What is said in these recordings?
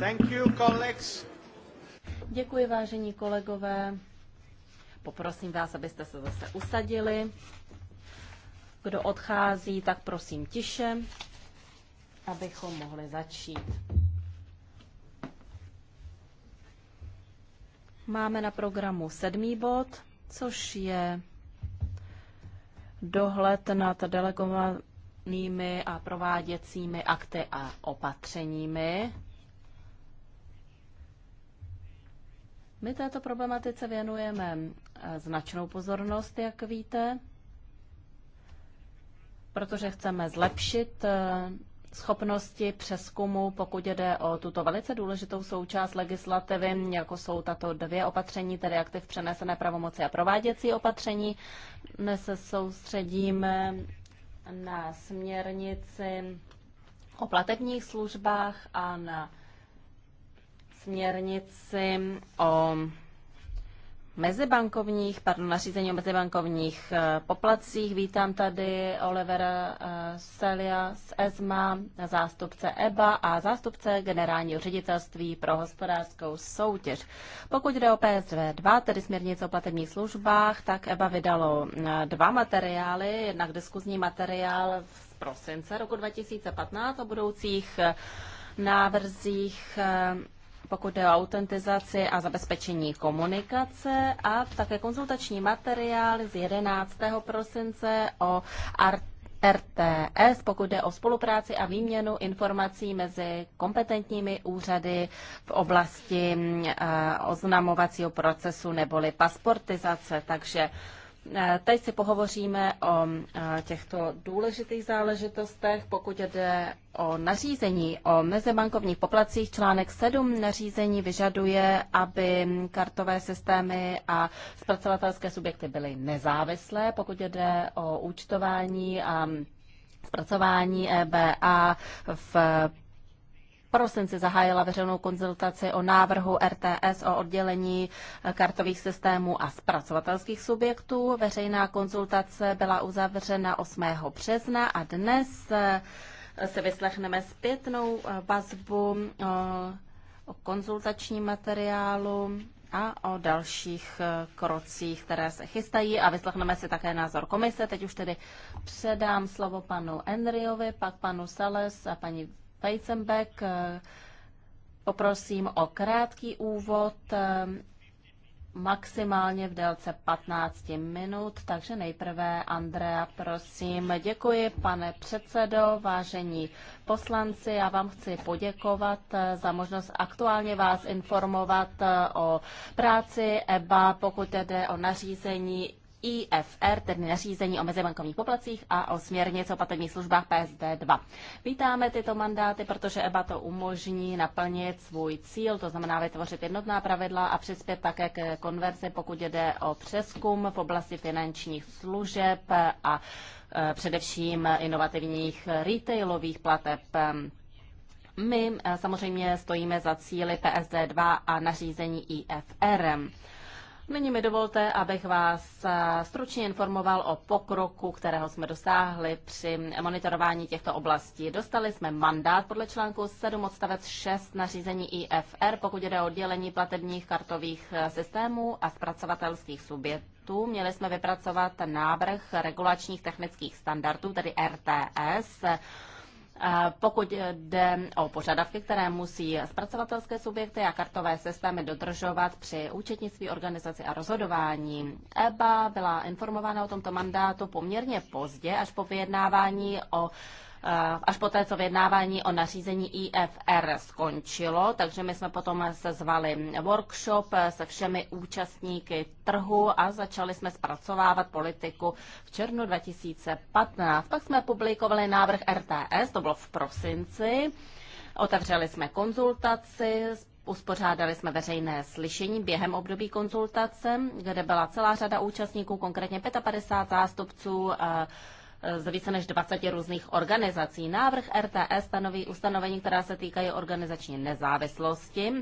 Thank you, colleagues. Děkuji, vážení kolegové. Poprosím vás, abyste se zase usadili. Kdo odchází, tak prosím tiše, abychom mohli začít. Máme na programu sedmý bod, což je dohled nad delegovanými a prováděcími akty a opatřeními. My této problematice věnujeme eh, značnou pozornost, jak víte, protože chceme zlepšit eh, schopnosti přeskumu, pokud jde o tuto velice důležitou součást legislativy, jako jsou tato dvě opatření, tedy aktiv přenesené pravomoci a prováděcí opatření. Dnes se soustředíme na směrnici o platebních službách a na směrnici o mezibankovních, pardon, nařízení o mezibankovních eh, poplacích. Vítám tady Olivera Selia eh, z ESMA, zástupce EBA a zástupce generálního ředitelství pro hospodářskou soutěž. Pokud jde o PSV2, tedy směrnice o platebních službách, tak EBA vydalo eh, dva materiály, jednak diskuzní materiál z prosince roku 2015 o budoucích návrzích pokud jde o autentizaci a zabezpečení komunikace a také konzultační materiály z 11. prosince o art RTS, pokud jde o spolupráci a výměnu informací mezi kompetentními úřady v oblasti eh, oznamovacího procesu neboli pasportizace. Takže Eh, teď si pohovoříme o eh, těchto důležitých záležitostech. Pokud jde o nařízení o mezibankovních poplacích, článek 7 nařízení vyžaduje, aby kartové systémy a zpracovatelské subjekty byly nezávislé. Pokud jde o účtování a zpracování EBA v prosinci zahájila veřejnou konzultaci o návrhu RTS o oddělení eh, kartových systémů a zpracovatelských subjektů. Veřejná konzultace byla uzavřena 8. března a dnes eh, se vyslechneme zpětnou eh, vazbu o konzultačním materiálu a o dalších krocích, které se chystají a vyslechneme si také názor komise. Teď už tedy předám slovo panu Enriovi, pak panu Sales a paní Pejcembek. Eh, poprosím o krátký úvod, eh, maximálně v délce 15 minut, takže nejprve Andrea, prosím. Děkuji, pane předsedo, vážení poslanci, já vám chci poděkovat eh, za možnost aktuálně vás informovat o práci EBA, pokud jde o nařízení IFR, tedy nařízení o mezibankovních poplacích a o směrnici o platebních službách PSD2. Vítáme tyto mandáty, protože EBA to umožní naplnit svůj cíl, to znamená vytvořit jednotná pravidla a přispět také k konverzi, pokud jde o přeskum v oblasti finančních služeb a e, především inovativních retailových plateb. My e, samozřejmě stojíme za cíly PSD2 a nařízení IFR. Nyní mi dovolte, abych vás eh, stručně informoval o pokroku, kterého jsme dosáhli při monitorování těchto oblastí. Dostali jsme mandát podle článku 7 odstavec 6 nařízení IFR, pokud jde o oddělení platebních kartových eh, systémů a zpracovatelských subjektů. Měli jsme vypracovat návrh regulačních technických standardů, tedy RTS, pokud jde o požadavky, které musí zpracovatelské subjekty a kartové systémy dodržovat při účetnictví, organizaci a rozhodování, EBA byla informována o tomto mandátu poměrně pozdě, až po vyjednávání o Eh, až po té, co vyjednávání o nařízení IFR skončilo, takže my jsme potom sezvali workshop eh, se všemi účastníky trhu a začali jsme zpracovávat politiku v červnu 2015. Pak jsme publikovali návrh RTS, to bylo v prosinci. Otevřeli jsme konzultaci, uspořádali jsme veřejné slyšení během období konzultace, kde byla celá řada účastníků, konkrétně 55 zástupců eh, z více než 20 různých organizací. Návrh RTS stanoví ustanovení, která se týkají organizační nezávislosti,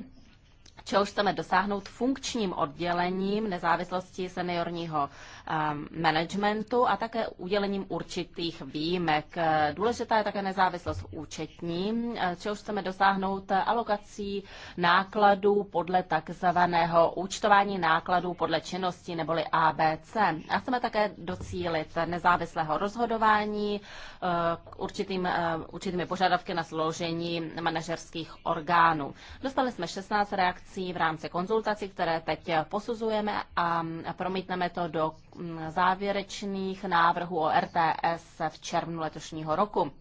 čehož chceme dosáhnout funkčním oddělením nezávislosti seniorního Um, managementu a také udělením určitých výjimek. Důležitá je také nezávislost v účetní, eh, čeho chceme dosáhnout eh, alokací nákladů podle takzvaného účtování nákladů podle činnosti neboli ABC. A chceme také docílit nezávislého rozhodování eh, k určitým, určitými požadavky na složení manažerských orgánů. Dostali jsme 16 reakcí v rámci konzultací, které teď posuzujeme a promítneme to do závěrečných návrhů o RTS v červnu letošního roku.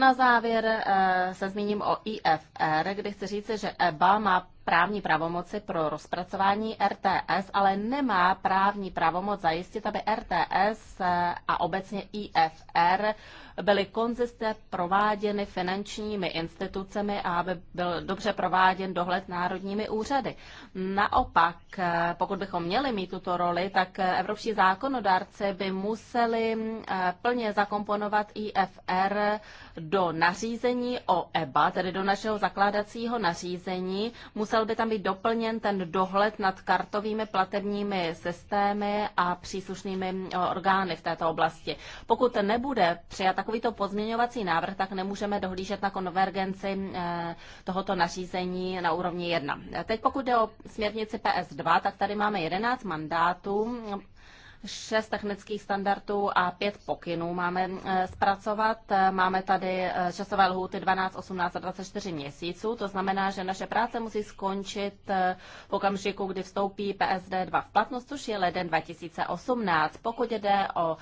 Na závěr eh, se zmíním o IFR, kdy chci říct, že EBA má právní pravomoci pro rozpracování RTS, ale nemá právní pravomoc zajistit, aby RTS eh, a obecně IFR byly konzistně prováděny finančními institucemi a aby byl dobře prováděn dohled národními úřady. Naopak, eh, pokud bychom měli mít tuto roli, tak eh, evropští zákonodárci by museli mm, eh, plně zakomponovat IFR do nařízení o EBA, tedy do našeho zakládacího nařízení. Musel by tam být doplněn ten dohled nad kartovými platebními systémy a příslušnými mm, orgány v této oblasti. Pokud nebude přijat takový takovýto pozměňovací návrh, tak nemůžeme dohlížet na konvergenci eh, tohoto nařízení na úrovni 1. Teď pokud jde o směrnici PS2, tak tady máme 11 mandátů Šest technických standardů a pět pokynů máme eh, zpracovat. Máme tady eh, časové lhůty 12, 18 a 24 měsíců. To znamená, že naše práce musí skončit eh, v okamžiku, kdy vstoupí PSD 2 v platnost, což je leden 2018. Pokud jde o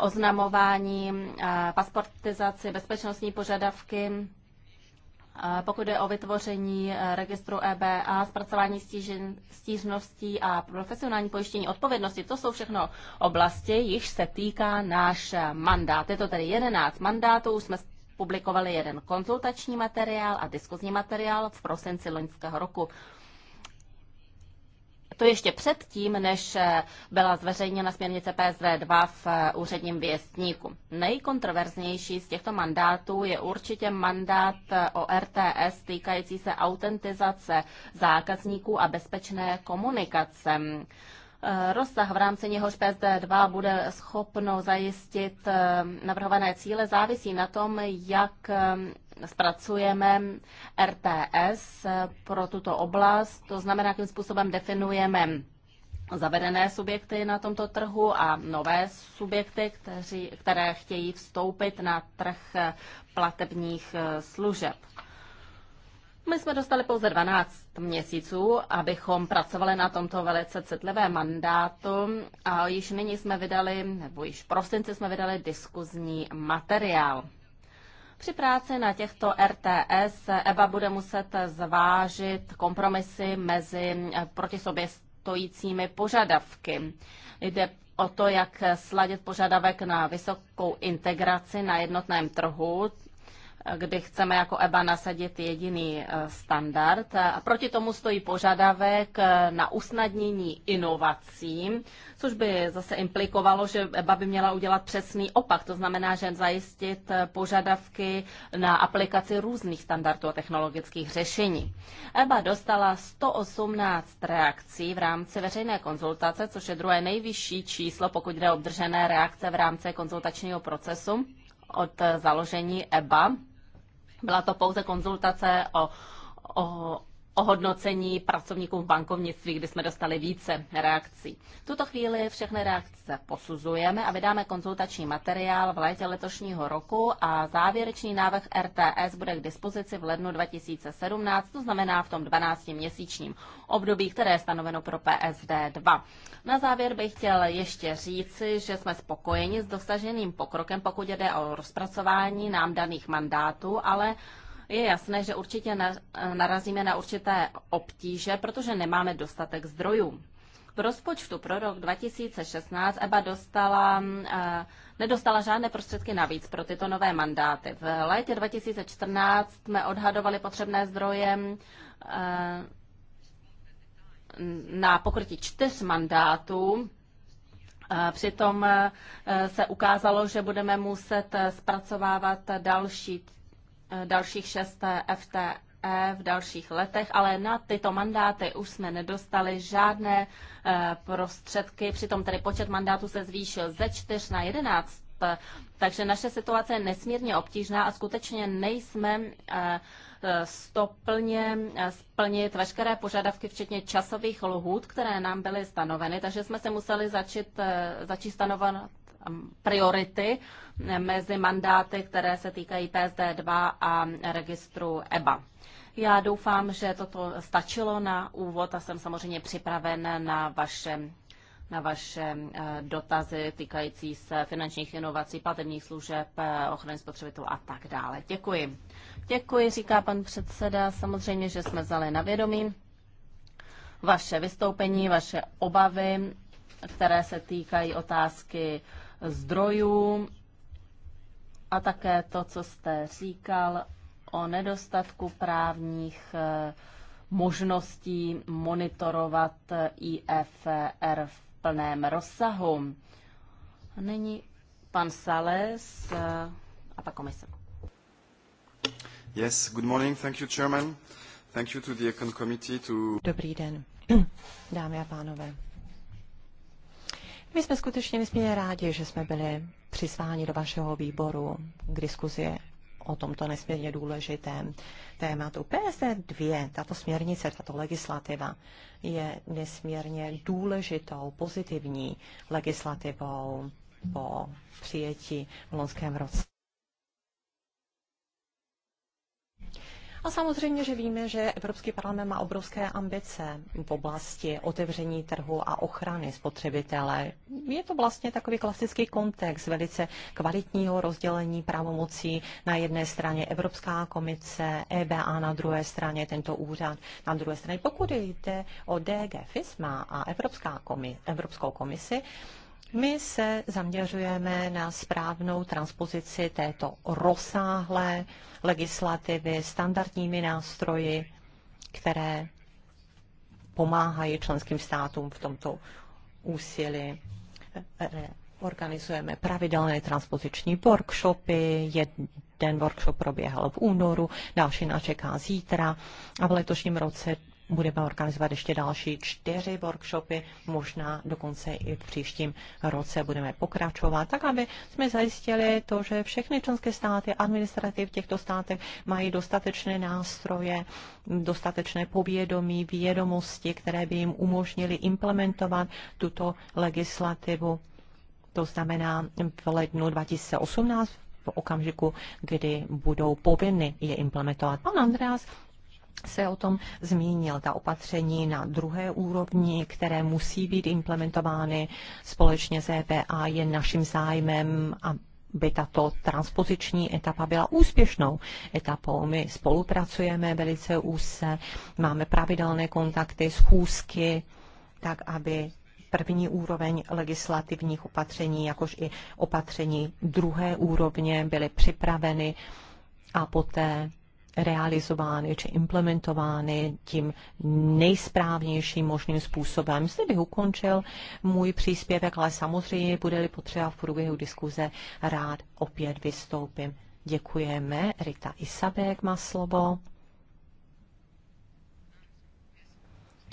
oznamování, pasportizaci, bezpečnostní požadavky, pokud je o vytvoření eh, registru EBA, zpracování stížen, stížností a profesionální pojištění odpovědnosti, to jsou všechno oblasti, jichž se týká náš mandát. Je to tedy 11 mandátů, už jsme publikovali jeden konzultační materiál a diskuzní materiál v prosinci loňského roku. To ještě předtím, než eh, byla zveřejněna směrnice PSD2 v eh, úředním věstníku. Nejkontroverznější z těchto mandátů je určitě mandát eh, o RTS týkající se autentizace zákazníků a bezpečné komunikace. Eh, rozsah, v rámci něhož PSD2 bude schopno zajistit eh, navrhované cíle, závisí na tom, jak eh, zpracujeme RTS pro tuto oblast, to znamená, jakým způsobem definujeme zavedené subjekty na tomto trhu a nové subjekty, kteří, které chtějí vstoupit na trh platebních služeb. My jsme dostali pouze 12 měsíců, abychom pracovali na tomto velice citlivém mandátu a již nyní jsme vydali, nebo již v prosinci jsme vydali diskuzní materiál. Při práci na těchto RTS EBA bude muset zvážit kompromisy mezi eh, proti sobě stojícími požadavky. Jde o to, jak sladit požadavek na vysokou integraci na jednotném trhu, kdy chceme jako EBA nasadit jediný e, standard. A proti tomu stojí požadavek e, na usnadnění inovacím, což by zase implikovalo, že EBA by měla udělat přesný opak, to znamená, že zajistit e, požadavky na aplikaci různých standardů a technologických řešení. EBA dostala 118 reakcí v rámci veřejné konzultace, což je druhé nejvyšší číslo, pokud jde o obdržené reakce v rámci konzultačního procesu od založení EBA byla to pouze konzultace o, o ohodnocení pracovníků v bankovnictví, kdy jsme dostali více reakcí. V tuto chvíli všechny reakce posuzujeme a vydáme konzultační materiál v létě letošního roku a závěrečný návrh RTS bude k dispozici v lednu 2017, to znamená v tom 12-měsíčním období, které je stanoveno pro PSD2. Na závěr bych chtěl ještě říci, že jsme spokojeni s dosaženým pokrokem, pokud jde o rozpracování nám daných mandátů, ale je jasné, že určitě narazíme na určité obtíže, protože nemáme dostatek zdrojů. V rozpočtu pro rok 2016 EBA dostala, eh, nedostala žádné prostředky navíc pro tyto nové mandáty. V létě 2014 jsme odhadovali potřebné zdroje eh, na pokrytí čtyř mandátů. Eh, přitom se ukázalo, že budeme muset zpracovávat další Eh, dalších šest FTE v dalších letech, ale na tyto mandáty už jsme nedostali žádné eh, prostředky, přitom tedy počet mandátů se zvýšil ze 4 na 11, takže naše situace je nesmírně obtížná a skutečně nejsme eh, stoplně splnit veškeré požadavky, včetně časových lhůt, které nám byly stanoveny, takže jsme se museli začít, začít stanovat priority mezi mandáty, které se týkají PSD2 a registru EBA. Já doufám, že toto stačilo na úvod a jsem samozřejmě připraven na vaše na vaše eh, dotazy týkající se finančních inovací, platebních služeb, eh, ochrany spotřebitelů a tak dále. Děkuji. Děkuji, říká pan předseda. Samozřejmě, že jsme vzali na vědomí vaše vystoupení, vaše obavy, které se týkají otázky zdrojů a také to, co jste říkal o nedostatku právních eh, možností monitorovat eh, IFR v plném rozsahu. Nyní pan Sales eh, a pak komise. Yes, good morning. Thank you, Chairman. Thank you to the Econ Committee to... Dobrý den, dámy a pánové. My jsme skutečně nesmírně rádi, že jsme byli přizváni do vašeho výboru k diskuzi o tomto nesmírně důležitém tématu. PSD2, tato směrnice, tato legislativa je nesmírně důležitou, pozitivní legislativou po přijetí v loňském roce. A samozřejmě, že víme, že Evropský parlament má obrovské ambice v oblasti otevření trhu a ochrany spotřebitele. Je to vlastně takový klasický kontext velice kvalitního rozdělení pravomocí na jedné straně Evropská komise, EBA na druhé straně tento úřad. Na druhé straně, pokud jde o DG FISMA a Evropská komi- Evropskou komisi, my se zaměřujeme na správnou transpozici této rozsáhlé legislativy standardními nástroji, které pomáhají členským státům v tomto úsilí. Organizujeme pravidelné transpoziční workshopy, jeden workshop proběhl v únoru, další nás čeká zítra a v letošním roce budeme organizovat ještě další čtyři workshopy, možná dokonce i v příštím roce budeme pokračovat, tak aby jsme zajistili to, že všechny členské státy, administrativ těchto státech mají dostatečné nástroje, dostatečné povědomí, vědomosti, které by jim umožnili implementovat tuto legislativu. To znamená v lednu 2018 v okamžiku, kdy budou povinny je implementovat. Pan Andreas se o tom zmínil, ta opatření na druhé úrovni, které musí být implementovány společně s EPA, je naším zájmem, a by tato transpoziční etapa byla úspěšnou etapou. My spolupracujeme velice úzce, máme pravidelné kontakty, schůzky, tak aby první úroveň legislativních opatření, jakož i opatření druhé úrovně byly připraveny a poté realizovány či implementovány tím nejsprávnějším možným způsobem. Zde bych ukončil můj příspěvek, ale samozřejmě bude-li potřeba v průběhu diskuze rád opět vystoupím. Děkujeme. Rita Isabek má slovo.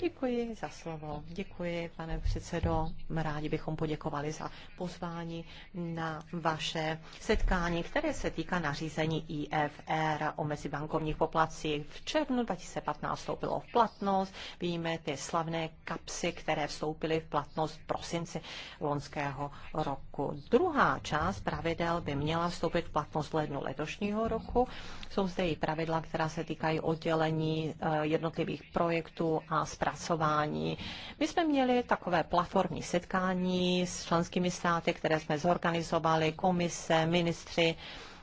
Děkuji za slovo. Děkuji, pane předsedo. Rádi bychom poděkovali za pozvání na vaše setkání, které se týká nařízení IFR o mezibankovních poplacích. V červnu 2015 vstoupilo v platnost. Víme ty slavné kapsy, které vstoupily v platnost v prosinci lonského roku. Druhá část pravidel by měla vstoupit v platnost v lednu letošního roku. Jsou zde i pravidla, která se týkají oddělení eh, jednotlivých projektů a zpráv zpracování. My jsme měli takové platformní setkání s členskými státy, které jsme zorganizovali, komise, ministři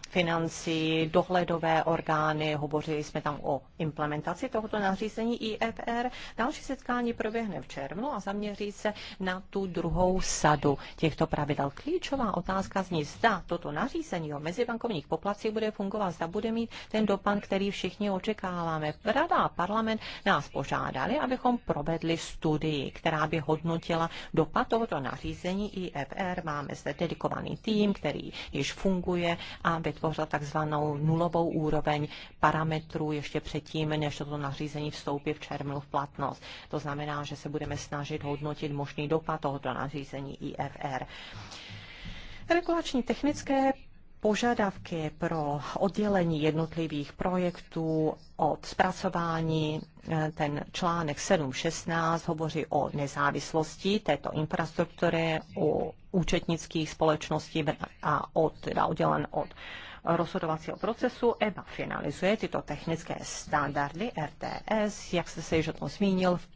financí, dohledové orgány, hovořili jsme tam o implementaci tohoto nařízení IFR. Další setkání proběhne v červnu a zaměří se na tu druhou sadu těchto pravidel. Klíčová otázka zní, zda toto nařízení o mezibankovních poplacích bude fungovat, zda bude mít ten dopad, který všichni očekáváme. Rada a parlament nás požádali, abychom provedli studii, která by hodnotila dopad tohoto nařízení IFR. Máme zde dedikovaný tým, který již funguje a ve vytvořila takzvanou nulovou úroveň parametrů ještě předtím, než toto nařízení vstoupí v červnu v platnost. To znamená, že se budeme snažit hodnotit možný dopad tohoto nařízení IFR. Regulační technické požadavky pro oddělení jednotlivých projektů od zpracování, eh, ten článek 7.16 hovoří o nezávislosti této infrastruktury, o účetnických společností a od, teda oddělen od rozhodovacího procesu. EBA finalizuje tyto technické standardy RTS, jak jste se již o tom zmínil, v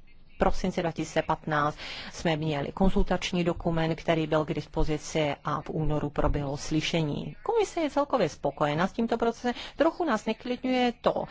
prosinci 2015 jsme měli konzultační dokument, který byl k dispozici a v únoru proběhlo slyšení. Komise je celkově spokojená s tímto procesem. Trochu nás neklidňuje to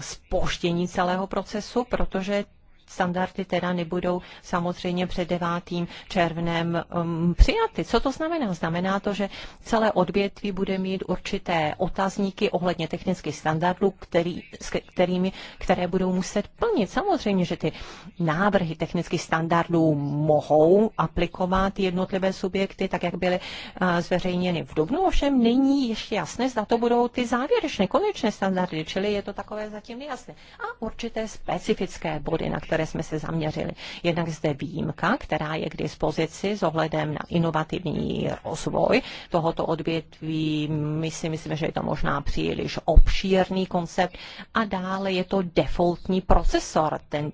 spoštění celého procesu, protože standardy teda nebudou samozřejmě před 9. červnem um, přijaty. Co to znamená? Znamená to, že celé odvětví bude mít určité otazníky ohledně technických standardů, který, s kterými, které budou muset plnit. Samozřejmě, že ty návrhy technických standardů mohou aplikovat jednotlivé subjekty, tak jak byly uh, zveřejněny v Dubnu, ovšem není ještě jasné, zda to budou ty závěrečné, konečné standardy, čili je to takové zatím nejasné. A určité specifické body, na které které jsme se zaměřili. Jednak zde výjimka, která je k dispozici s ohledem na inovativní rozvoj tohoto odvětví. My si myslíme, že je to možná příliš obšírný koncept. A dále je to defaultní procesor, ten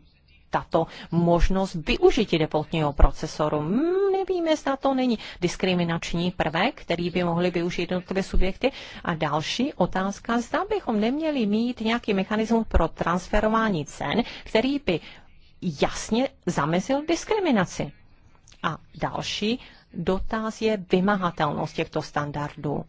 tato možnost využití defaultního procesoru. Hmm, nevíme, zda to není diskriminační prvek, který by mohly využít jednotlivé subjekty. A další otázka, zda bychom neměli mít nějaký mechanismus pro transferování cen, který by jasně zamezil diskriminaci. A další dotaz je vymahatelnost těchto standardů.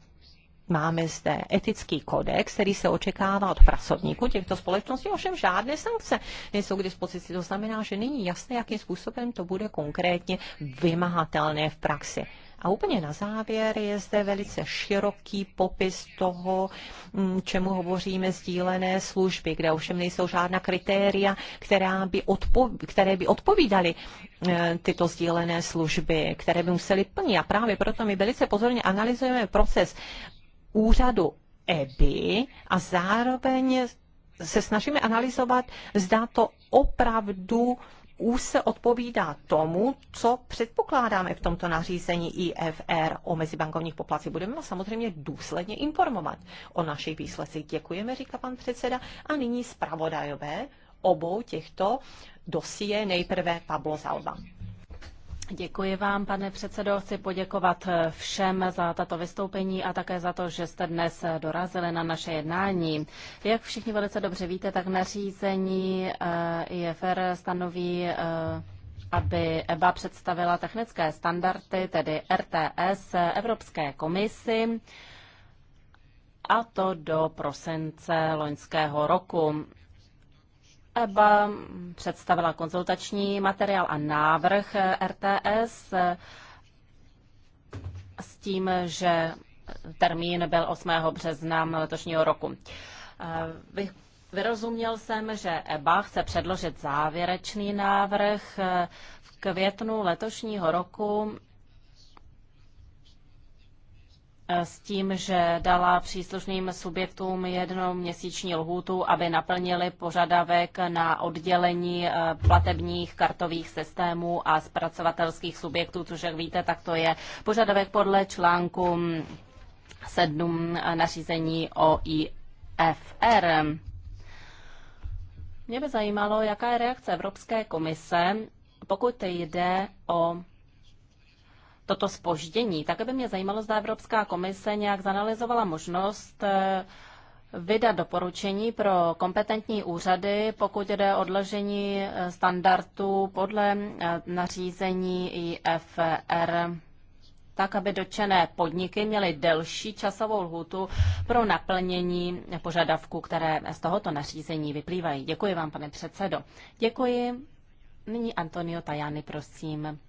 Máme zde etický kodex, který se očekává od pracovníků těchto společností, ovšem žádné sankce nejsou k dispozici. To znamená, že není jasné, jakým způsobem to bude konkrétně vymahatelné v praxi. A úplně na závěr je zde velice široký popis toho, mm, čemu hovoříme sdílené služby, kde ovšem nejsou žádná kritéria, která by odpo- které by odpovídaly e, tyto sdílené služby, které by museli plnit. A právě proto my velice pozorně analyzujeme proces úřadu EBI a zároveň se snažíme analyzovat, zda to opravdu úzce odpovídá tomu, co předpokládáme v tomto nařízení IFR o mezibankovních poplatcích. Budeme vás samozřejmě důsledně informovat o našich výsledcích. Děkujeme, říká pan předseda. A nyní zpravodajové obou těchto dosie nejprve Pablo Zalba. Děkuji vám, pane předsedo. Chci poděkovat eh, všem za tato vystoupení a také za to, že jste dnes eh, dorazili na naše jednání. Jak všichni velice dobře víte, tak nařízení eh, IFR stanoví aby EBA představila technické standardy, tedy RTS, Evropské komisi, a to do prosince loňského roku. EBA představila konzultační materiál a návrh RTS s tím, že termín byl 8. března letošního roku. Vyrozuměl jsem, že EBA chce předložit závěrečný návrh v květnu letošního roku s tím, že dala příslušným subjektům jednou měsíční lhůtu, aby naplnili požadavek na oddělení eh, platebních kartových systémů a zpracovatelských subjektů, což jak víte, tak to je požadavek podle článku 7 eh, nařízení o IFR. Mě by zajímalo, jaká je reakce Evropské komise, pokud jde o toto spoždění, tak by mě zajímalo, zda Evropská komise nějak zanalizovala možnost eh, vydat doporučení pro kompetentní úřady, pokud jde o odložení eh, standardů podle eh, nařízení IFR tak, aby dočené podniky měly delší časovou lhutu pro naplnění požadavků, které z tohoto nařízení vyplývají. Děkuji vám, pane předsedo. Děkuji. Nyní Antonio Tajani, prosím.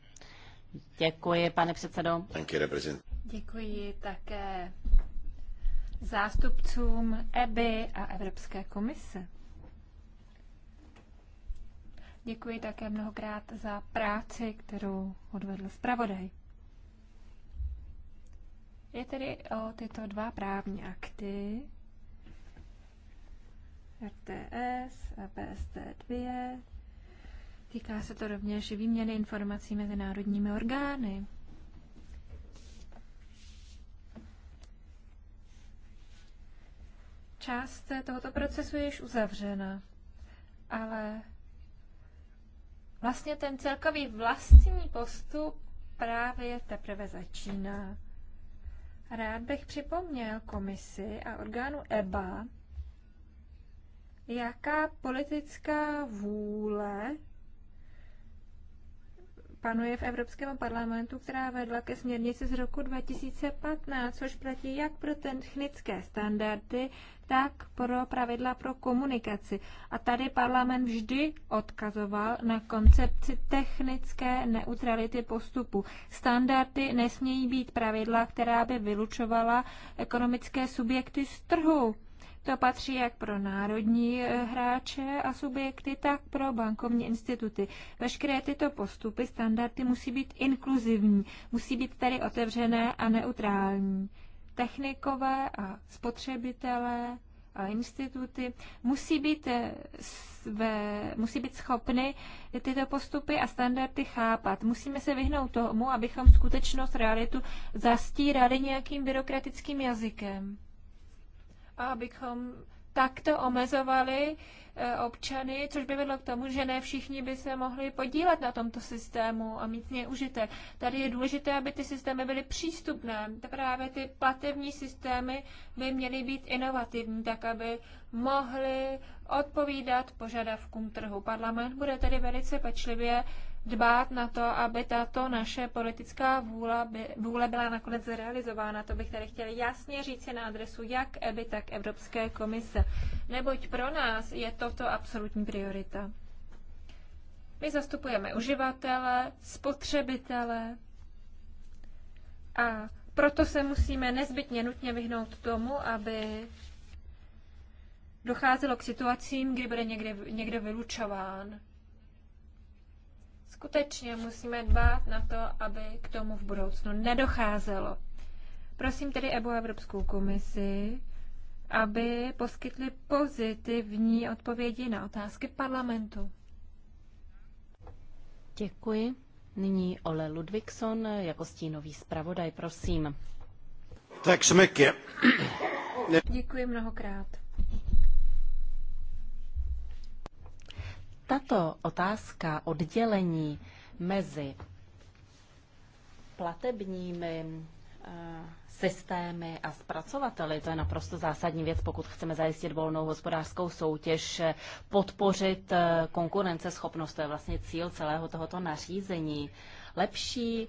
Děkuji, pane předsedo. Děkuji také zástupcům EBY a Evropské komise. Děkuji také mnohokrát za práci, kterou odvedl zpravodaj. Je tedy o tyto dva právní akty, RTS a PST2, Týká se to rovněž výměny informací mezi národními orgány. Část tohoto procesu je již uzavřena, ale vlastně ten celkový vlastní postup právě teprve začíná. Rád bych připomněl komisi a orgánu EBA, jaká politická vůle panuje v Evropském parlamentu, která vedla ke směrnici z roku 2015, což platí jak pro technické standardy, tak pro pravidla pro komunikaci. A tady parlament vždy odkazoval na koncepci technické neutrality postupu. Standardy nesmějí být pravidla, která by vylučovala ekonomické subjekty z trhu. To patří jak pro národní eh, hráče a subjekty, tak pro bankovní instituty. Veškeré tyto postupy, standardy musí být inkluzivní, musí být tedy otevřené a neutrální. Technikové a spotřebitelé a instituty musí být, eh, své, musí být schopny tyto postupy a standardy chápat. Musíme se vyhnout tomu, abychom skutečnost, realitu zastírali nějakým byrokratickým jazykem abychom takto omezovali eh, občany, což by vedlo k tomu, že ne všichni by se mohli podílet na tomto systému a mít něj užitek. Tady je důležité, aby ty systémy byly přístupné. Právě ty platební systémy by měly být inovativní, tak aby mohly odpovídat požadavkům trhu. Parlament bude tedy velice pečlivě dbát na to, aby tato naše politická vůle, by, vůle byla nakonec zrealizována. To bych tady chtěla jasně říct na adresu jak EBI, tak Evropské komise. Neboť pro nás je toto absolutní priorita. My zastupujeme uživatele, spotřebitele a proto se musíme nezbytně nutně vyhnout tomu, aby docházelo k situacím, kdy bude někde, někdo vylučován. Skutečně musíme dbát na to, aby k tomu v budoucnu nedocházelo. Prosím tedy EBU Evropskou komisi, aby poskytli pozitivní odpovědi na otázky parlamentu. Děkuji. Nyní Ole Ludvigson jako stínový zpravodaj, prosím. Tak smyky. Děkuji mnohokrát. tato otázka oddělení mezi platebními eh, systémy a zpracovateli. To je naprosto zásadní věc, pokud chceme zajistit volnou hospodářskou soutěž, eh, podpořit eh, konkurenceschopnost. To je vlastně cíl celého tohoto nařízení. Lepší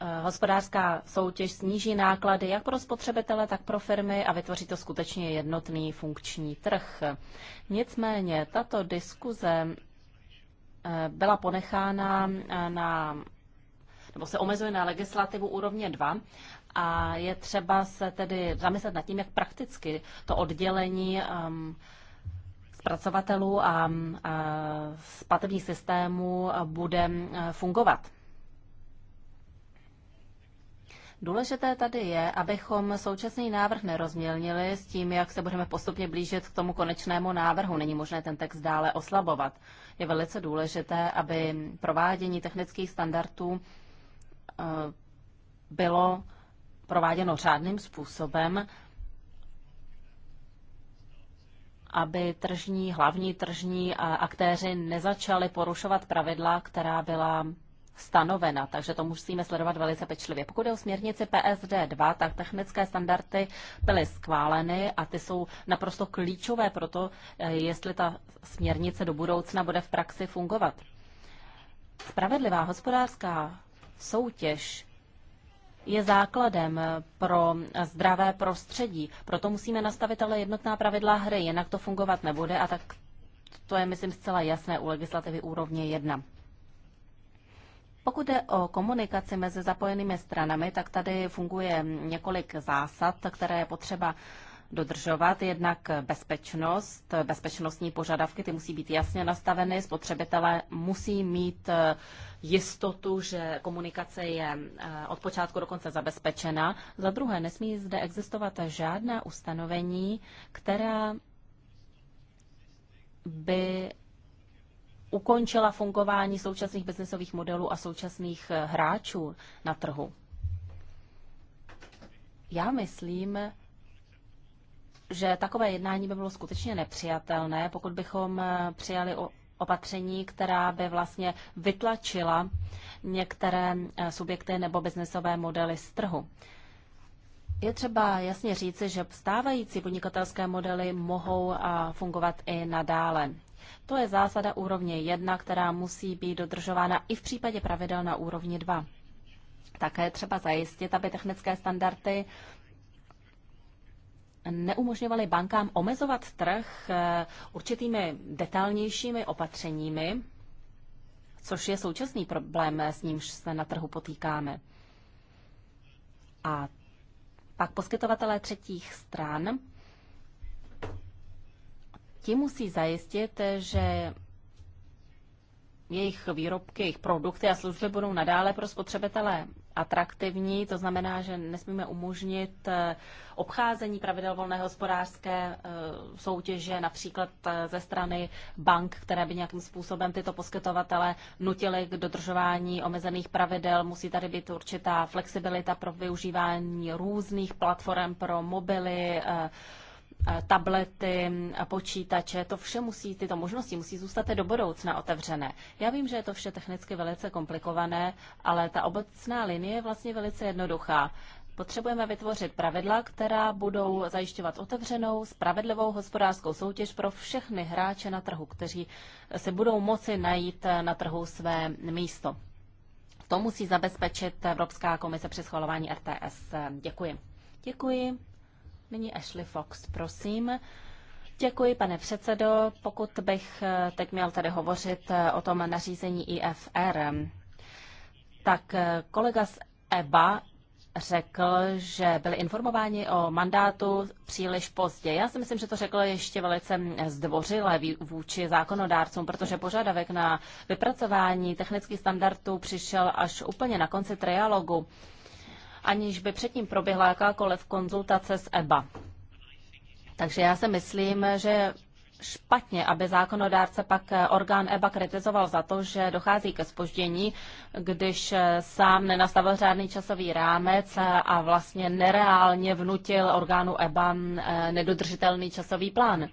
Eh, hospodářská soutěž sníží náklady jak pro spotřebitele, tak pro firmy a vytvoří to skutečně jednotný funkční trh. Nicméně tato diskuze eh, byla ponechána eh, na nebo se omezuje na legislativu úrovně 2 a je třeba se tedy zamyslet nad tím, jak prakticky to oddělení um, zpracovatelů a, a spatovních systémů bude fungovat. Důležité tady je, abychom současný návrh nerozmělnili s tím, jak se budeme postupně blížit k tomu konečnému návrhu. Není možné ten text dále oslabovat. Je velice důležité, aby provádění technických standardů eh, bylo prováděno řádným způsobem, aby tržní, hlavní tržní eh, aktéři nezačali porušovat pravidla, která byla stanovena, takže to musíme sledovat velice pečlivě. Pokud je o směrnici PSD2, tak technické standardy byly schváleny a ty jsou naprosto klíčové pro to, eh, jestli ta směrnice do budoucna bude v praxi fungovat. Spravedlivá hospodářská soutěž je základem pro zdravé prostředí. Proto musíme nastavit ale jednotná pravidla hry, jinak to fungovat nebude a tak to je, myslím, zcela jasné u legislativy úrovně 1. Pokud je o komunikaci mezi zapojenými stranami, tak tady funguje několik zásad, které je potřeba dodržovat. Jednak bezpečnost, bezpečnostní požadavky, ty musí být jasně nastaveny. Spotřebitelé musí mít eh, jistotu, že komunikace je eh, od počátku do konce zabezpečena. Za druhé, nesmí zde existovat žádná ustanovení, která by ukončila fungování současných biznesových modelů a současných eh, hráčů na trhu. Já myslím, že takové jednání by bylo skutečně nepřijatelné, pokud bychom eh, přijali opatření, která by vlastně vytlačila některé eh, subjekty nebo biznesové modely z trhu. Je třeba jasně říci, že stávající podnikatelské modely mohou fungovat i nadále. To je zásada úrovně 1, která musí být dodržována i v případě pravidel na úrovni 2. Také třeba zajistit, aby technické standardy neumožňovaly bankám omezovat trh eh, určitými detailnějšími opatřeními, což je současný problém, s nímž se na trhu potýkáme. A pak poskytovatelé třetích stran ti musí zajistit, že jejich výrobky, jejich produkty a služby budou nadále pro spotřebitele atraktivní, to znamená, že nesmíme umožnit eh, obcházení pravidel volné hospodářské eh, soutěže, například eh, ze strany bank, které by nějakým způsobem tyto poskytovatele nutily k dodržování omezených pravidel. Musí tady být určitá flexibilita pro využívání různých platform pro mobily, tablety, počítače, to vše musí, tyto možnosti musí zůstat do budoucna otevřené. Já vím, že je to vše technicky velice komplikované, ale ta obecná linie je vlastně velice jednoduchá. Potřebujeme vytvořit pravidla, která budou zajišťovat otevřenou, spravedlivou hospodářskou soutěž pro všechny hráče na trhu, kteří se budou moci najít na trhu své místo. To musí zabezpečit Evropská komise při schvalování RTS. Děkuji. Děkuji. Nyní Ashley Fox, prosím. Děkuji, pane předsedo. Pokud bych eh, teď měl tady hovořit eh, o tom nařízení IFR, tak eh, kolega z EBA řekl, že byli informováni o mandátu příliš pozdě. Já si myslím, že to řekl ještě velice zdvořile vůči zákonodárcům, protože požadavek na vypracování technických standardů přišel až úplně na konci trialogu aniž by předtím proběhla jakákoliv konzultace s EBA. Takže já si myslím, že špatně, aby zákonodárce pak eh, orgán EBA kritizoval za to, že dochází ke spoždění, když eh, sám nenastavil řádný časový rámec eh, a vlastně nereálně vnutil orgánu EBA nedodržitelný časový plán.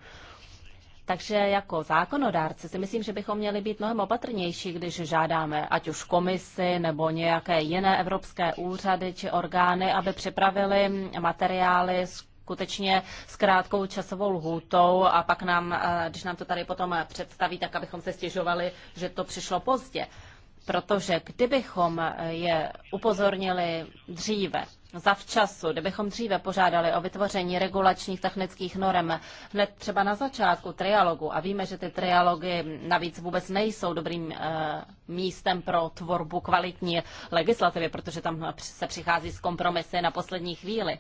Takže jako zákonodárci si myslím, že bychom měli být mnohem opatrnější, když žádáme ať už komisy nebo nějaké jiné evropské úřady či orgány, aby připravili materiály skutečně s krátkou časovou lhůtou a pak nám, eh, když nám to tady potom představí, tak abychom se stěžovali, že to přišlo pozdě. Protože kdybychom je upozornili dříve, zavčasu, kdybychom dříve požádali o vytvoření regulačních technických norem hned třeba na začátku trialogu, a víme, že ty trialogy navíc vůbec nejsou dobrým uh, místem pro tvorbu kvalitní legislativy, protože tam se přichází s kompromisy na poslední chvíli.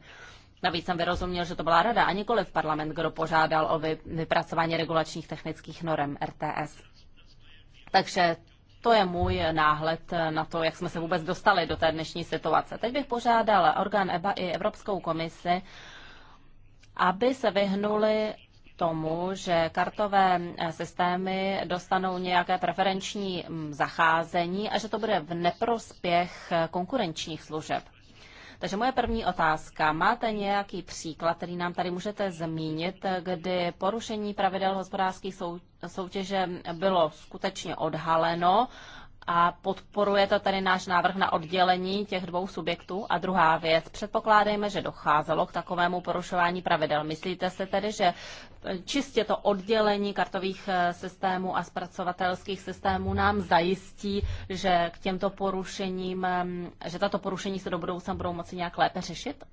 Navíc jsem vyrozuměl, že to byla rada a nikoli v parlament, kdo požádal o vypracování regulačních technických norem RTS. Takže to je můj náhled na to, jak jsme se vůbec dostali do té dnešní situace. Teď bych požádala orgán EBA i Evropskou komisi, aby se vyhnuli tomu, že kartové systémy dostanou nějaké preferenční zacházení a že to bude v neprospěch konkurenčních služeb. Takže moje první otázka. Máte nějaký příklad, který nám tady můžete zmínit, kdy porušení pravidel hospodářských soutěže bylo skutečně odhaleno a podporuje to tady náš návrh na oddělení těch dvou subjektů? A druhá věc, předpokládejme, že docházelo k takovému porušování pravidel. Myslíte se tedy, že čistě to oddělení kartových eh, systémů a zpracovatelských systémů nám zajistí, že k těmto porušením, eh, že tato porušení se do budoucna budou moci nějak lépe řešit?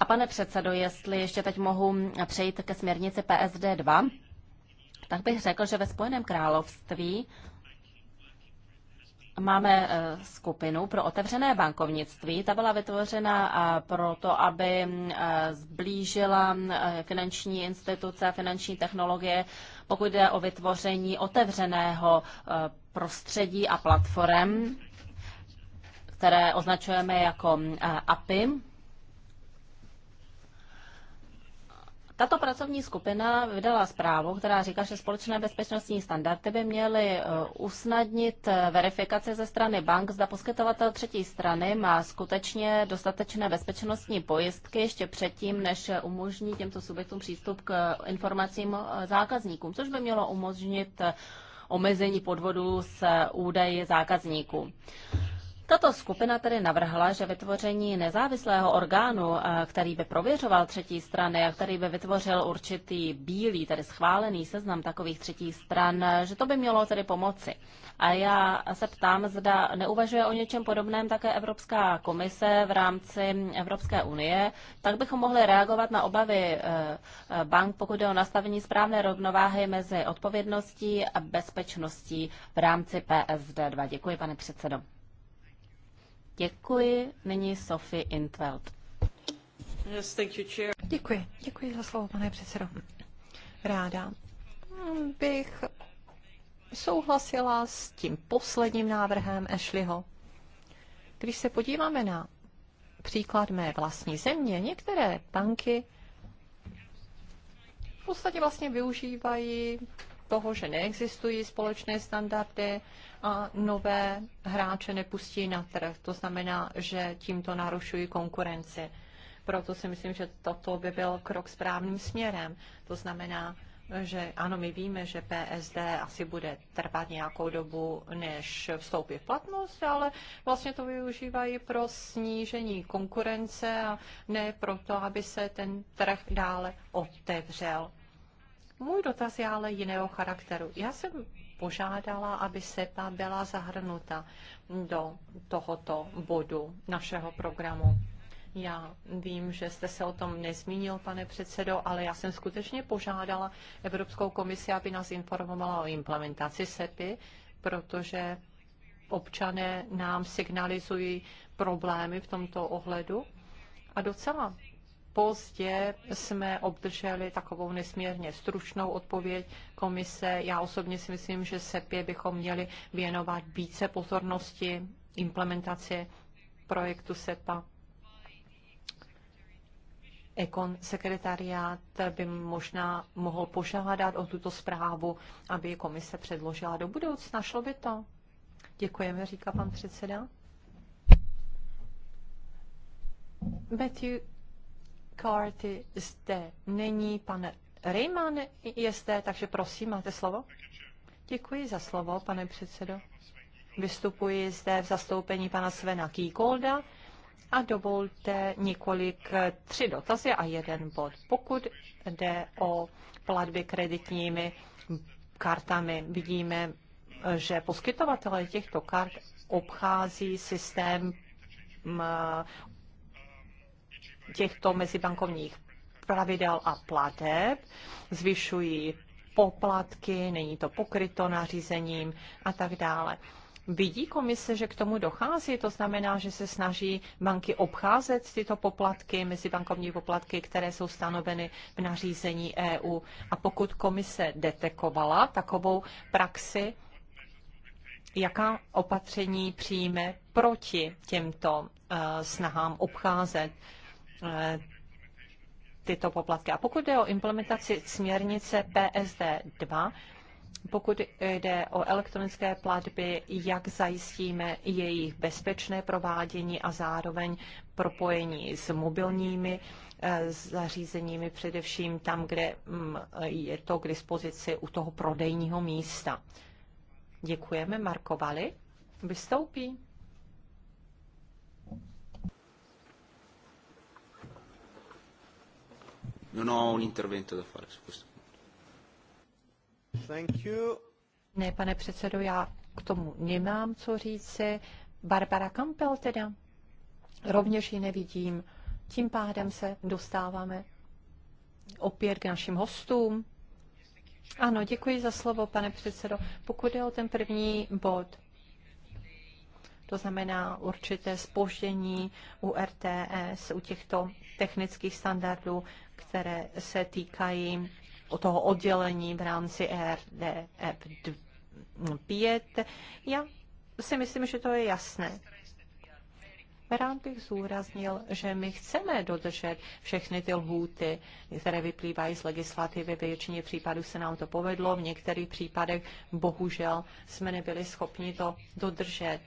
A pane předsedo, jestli ještě teď mohu eh, přejít ke směrnici PSD 2, tak bych řekl, že ve Spojeném království Máme eh, skupinu pro otevřené bankovnictví. Ta byla vytvořena eh, proto, aby eh, zblížila finanční instituce a finanční technologie, pokud jde o vytvoření otevřeného prostředí a platform, které označujeme jako API. Tato pracovní skupina vydala zprávu, která říká, že společné bezpečnostní standardy by měly eh, usnadnit eh, verifikaci ze strany bank, zda poskytovatel třetí strany má skutečně dostatečné bezpečnostní pojistky ještě předtím, než umožní těmto subjektům přístup k eh, informacím zákazníkům, což by mělo umožnit omezení podvodu s údaji zákazníků. Tato skupina tedy navrhla, že vytvoření nezávislého orgánu, eh, který by prověřoval třetí strany a který by vytvořil určitý bílý, tedy schválený seznam takových třetích stran, že to by mělo tedy pomoci. A já se ptám, zda neuvažuje o něčem podobném také Evropská komise v rámci Evropské unie, tak bychom mohli reagovat na obavy eh, eh, bank, pokud je o nastavení správné rovnováhy mezi odpovědností a bezpečností v rámci PSD2. Děkuji, pane předsedo. Děkuji. Nyní Sophie Intveld. Yes, thank you, chair. Děkuji. Děkuji za slovo, pane předsedo. Ráda bych souhlasila s tím posledním návrhem Ashleyho. Když se podíváme na příklad mé vlastní země, některé banky v podstatě vlastně využívají toho, že neexistují společné standardy a nové hráče nepustí na trh. To znamená, že tímto narušují konkurenci. Proto si myslím, že toto by byl krok správným směrem. To znamená, že ano, my víme, že PSD asi bude trvat nějakou dobu, než vstoupí v platnost, ale vlastně to využívají pro snížení konkurence a ne proto, aby se ten trh dále otevřel. Můj dotaz je ale jiného charakteru. Já jsem požádala, aby SEPA byla zahrnuta do tohoto bodu našeho programu. Já vím, že jste se o tom nezmínil, pane předsedo, ale já jsem skutečně požádala Evropskou komisi, aby nás informovala o implementaci SEPy, protože občané nám signalizují problémy v tomto ohledu. A docela pozdě jsme obdrželi takovou nesmírně stručnou odpověď komise. Já osobně si myslím, že SEPě bychom měli věnovat více pozornosti implementaci projektu SEPA. Ekon sekretariát by možná mohl požádat o tuto zprávu, aby komise předložila do budoucna. Šlo by to? Děkujeme, říká pan předseda. Matthew Karty zde není, pan Rejman je zde, takže prosím, máte slovo. Děkuji za slovo, pane předsedo. Vystupuji zde v zastoupení pana Svena Kýkolda a dovolte několik tři dotazy a jeden bod. Pokud jde o platby kreditními kartami, vidíme, že poskytovatele těchto kart obchází systém těchto mezibankovních pravidel a plateb, zvyšují poplatky, není to pokryto nařízením a tak dále. Vidí komise, že k tomu dochází? To znamená, že se snaží banky obcházet tyto poplatky, mezibankovní poplatky, které jsou stanoveny v nařízení EU. A pokud komise detekovala takovou praxi, jaká opatření přijme proti těmto uh, snahám obcházet Eh, tyto poplatky. A pokud jde o implementaci směrnice PSD 2, pokud jde o elektronické platby, jak zajistíme jejich bezpečné provádění a zároveň propojení s mobilními eh, zařízeními, především tam, kde mm, je to k dispozici u toho prodejního místa. Děkujeme. Markovali vystoupí. Non ho un intervento da fare su questo. Thank you. Ne, pane předsedo, já k tomu nemám co říci. Barbara Campbell teda rovněž ji nevidím. Tím pádem se dostáváme opět k našim hostům. Ano, děkuji za slovo, pane předsedo. Pokud je o ten první bod, to znamená určité spoždění u RTS, u těchto technických standardů které se týkají toho oddělení v rámci ERDF 5. Já si myslím, že to je jasné. Rád bych zúraznil, že my chceme dodržet všechny ty lhůty, které vyplývají z legislativy. Většině případů se nám to povedlo, v některých případech bohužel jsme nebyli schopni to dodržet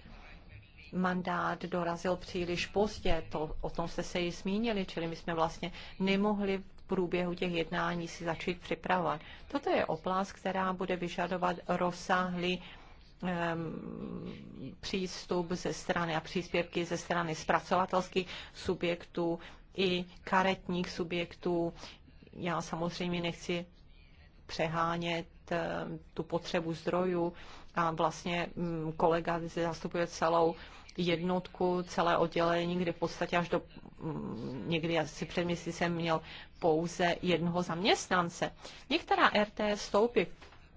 mandát dorazil příliš pozdě, to, o tom jste se i zmínili, čili my jsme vlastně nemohli v průběhu těch jednání si začít připravovat. Toto je oblast, která bude vyžadovat rozsáhlý přístup ze strany a příspěvky ze strany zpracovatelských subjektů i karetních subjektů. Já samozřejmě nechci přehánět tu potřebu zdrojů a vlastně kolega zastupuje celou jednotku, celé oddělení, kde v podstatě až do mm, někdy asi před jsem měl pouze jednoho zaměstnance. Některá RT stoupí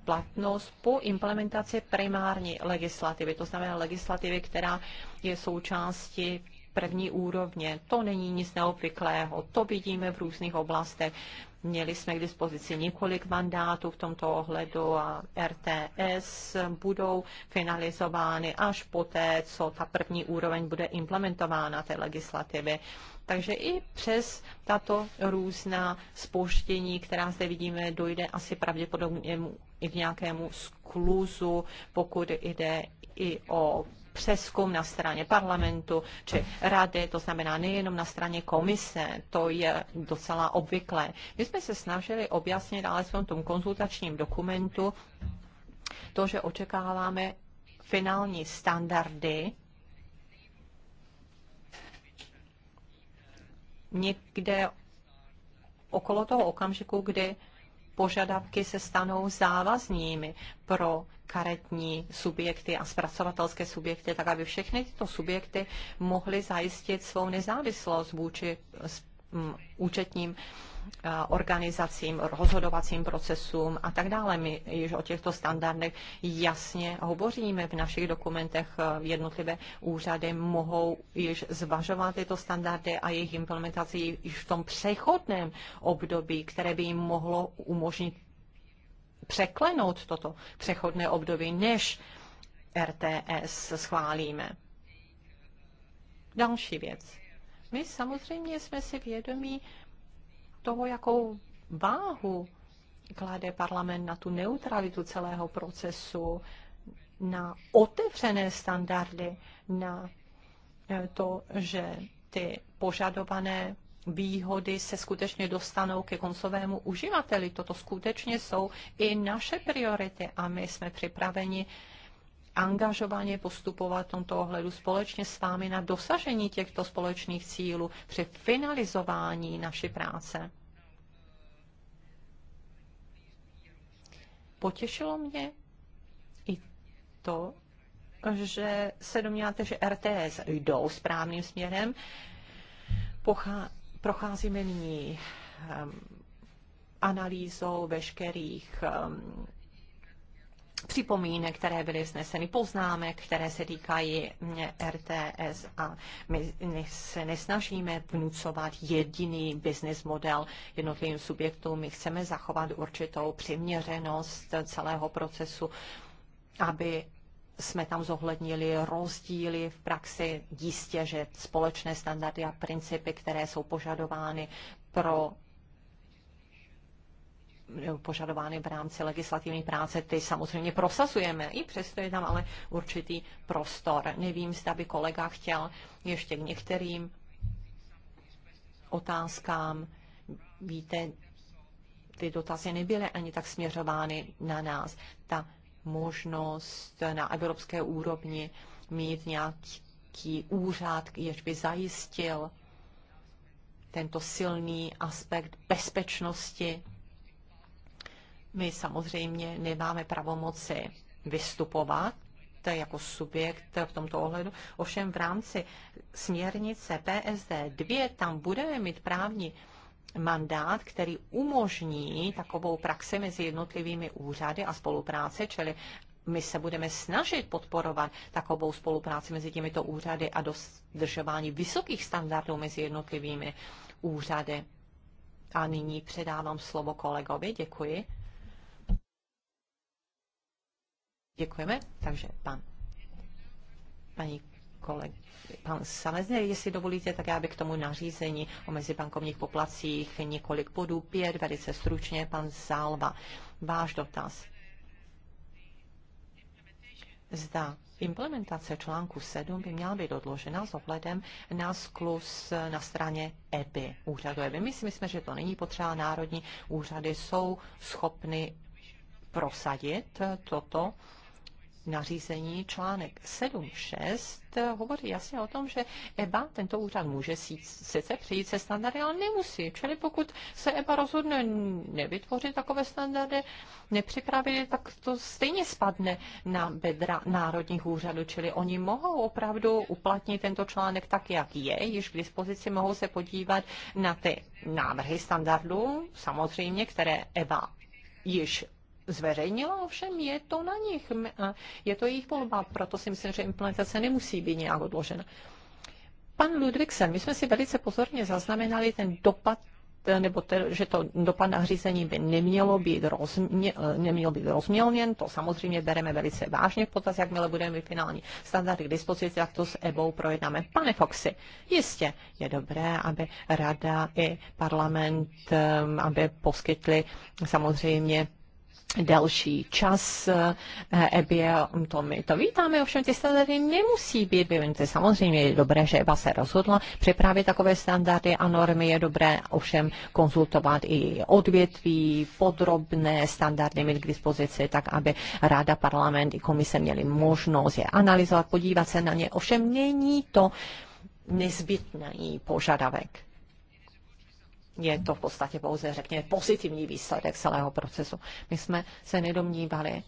platnost po implementaci primární legislativy, to znamená legislativy, která je součástí první úrovně. To není nic neobvyklého, to vidíme v různých oblastech. Měli jsme k dispozici několik mandátů v tomto ohledu a RTS budou finalizovány až poté, co ta první úroveň bude implementována té legislativy. Takže i přes tato různá spoštění, která zde vidíme, dojde asi pravděpodobně i k nějakému skluzu, pokud jde i o přeskum na straně parlamentu či rady, to znamená nejenom na straně komise, to je docela obvyklé. My jsme se snažili objasnit alespoň v tom konzultačním dokumentu to, že očekáváme finální standardy někde okolo toho okamžiku, kdy požadavky se stanou závaznými pro karetní subjekty a zpracovatelské subjekty, tak aby všechny tyto subjekty mohly zajistit svou nezávislost vůči účetním organizacím, rozhodovacím procesům a tak dále. My již o těchto standardech jasně hovoříme v našich dokumentech. Jednotlivé úřady mohou již zvažovat tyto standardy a jejich implementaci již v tom přechodném období, které by jim mohlo umožnit překlenout toto přechodné období, než RTS schválíme. Další věc. My samozřejmě jsme si vědomí toho, jakou váhu klade parlament na tu neutralitu celého procesu, na otevřené standardy, na to, že ty požadované výhody se skutečně dostanou ke koncovému uživateli. Toto skutečně jsou i naše priority a my jsme připraveni angažovaně postupovat v tomto ohledu společně s vámi na dosažení těchto společných cílů při finalizování naší práce. Potěšilo mě i to, že se domníváte, že RTS jdou správným směrem. Pochá, Procházíme nyní ehm, analýzou veškerých ehm, připomínek, které byly vzneseny, poznámek, které se týkají RTS a my se nesnažíme vnucovat jediný business model jednotlivým subjektům. My chceme zachovat určitou přiměřenost celého procesu, aby jsme tam zohlednili rozdíly v praxi. Jistě, že společné standardy a principy, které jsou požadovány pro požadovány v rámci legislativní práce, ty samozřejmě prosazujeme. I přesto je tam ale určitý prostor. Nevím, zda by kolega chtěl ještě k některým otázkám. Víte, ty dotazy nebyly ani tak směřovány na nás. Ta možnost na evropské úrovni mít nějaký úřad, jež by zajistil tento silný aspekt bezpečnosti. My samozřejmě nemáme pravomoci vystupovat jako subjekt v tomto ohledu. Ovšem v rámci směrnice PSD 2 tam budeme mít právní mandát, který umožní takovou praxi mezi jednotlivými úřady a spolupráce, čili my se budeme snažit podporovat takovou spolupráci mezi těmito úřady a dodržování vysokých standardů mezi jednotlivými úřady. A nyní předávám slovo kolegovi. Děkuji. Děkujeme. Takže pan, paní kolegy. pan Salezner, jestli dovolíte, tak já bych k tomu nařízení o mezibankovních poplacích několik bodů, pět, velice stručně, pan Zálva. Váš dotaz. Zda implementace článku 7 by měla být odložena s ohledem na sklus na straně EBI, úřadu EBI. My si myslíme, že to není potřeba. Národní úřady jsou schopny prosadit toto nařízení článek 7.6 eh, hovoří jasně o tom, že EBA, tento úřad, může sice přijít se standardy, ale nemusí. Čili pokud se EBA rozhodne nevytvořit takové standardy, nepřipravit, tak to stejně spadne na bedra národních úřadů. Čili oni mohou opravdu uplatnit tento článek tak, jak je, již k dispozici mohou se podívat na ty návrhy standardů, samozřejmě, které EBA již zveřejnila, ovšem je to na nich, je to jejich volba, proto si myslím, že implementace nemusí být nějak odložena. Pan Ludvigsen, my jsme si velice pozorně zaznamenali ten dopad nebo te, že to dopad na řízení by nemělo být, rozmě, nemělo být rozmělněn, to samozřejmě bereme velice vážně v potaz, jakmile budeme mít finální standardy k dispozici, jak to s EBou projednáme. Pane Foxy, jistě je dobré, aby rada i parlament, um, aby poskytli samozřejmě delší čas eh, EBA, to my to vítáme, ovšem ty standardy nemusí být vyvinuty. Samozřejmě je dobré, že EBA se rozhodla připravit takové standardy a normy, je dobré ovšem konzultovat i odvětví, podrobné standardy mít k dispozici, tak aby Ráda, parlament i komise měli možnost je analyzovat, podívat se na ně. Ovšem není to nezbytný požadavek je to v podstatě pouze, řekněme, pozitivní výsledek celého procesu. My jsme se nedomnívali,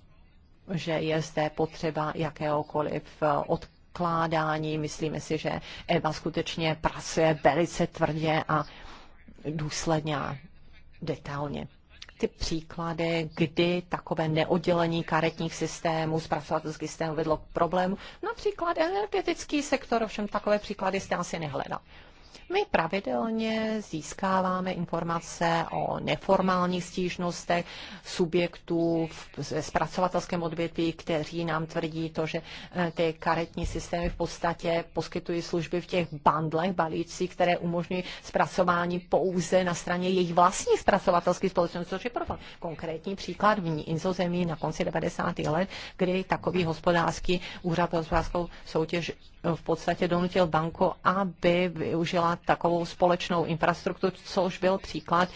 že je zde potřeba jakéhokoliv eh, odkládání. Myslíme si, že Eva skutečně pracuje velice tvrdě a důsledně a detailně ty příklady, kdy takové neoddělení karetních systémů, zpracovatelských systémů vedlo k problému. Například energetický sektor, ovšem takové příklady jste asi nehledal. My pravidelně získáváme informace o neformálních stížnostech subjektů ve zpracovatelském odvětví, kteří nám tvrdí to, že eh, ty karetní systémy v podstatě poskytují služby v těch bandlech, balících, které umožňují zpracování pouze na straně jejich vlastní zpracovatelské společnosti, což je problém. Konkrétní příklad v Nizozemí na konci 90. let, kdy takový hospodářský úřad pro hospodářskou soutěž v podstatě donutil banku, aby využila takovou společnou infrastrukturu, což byl příklad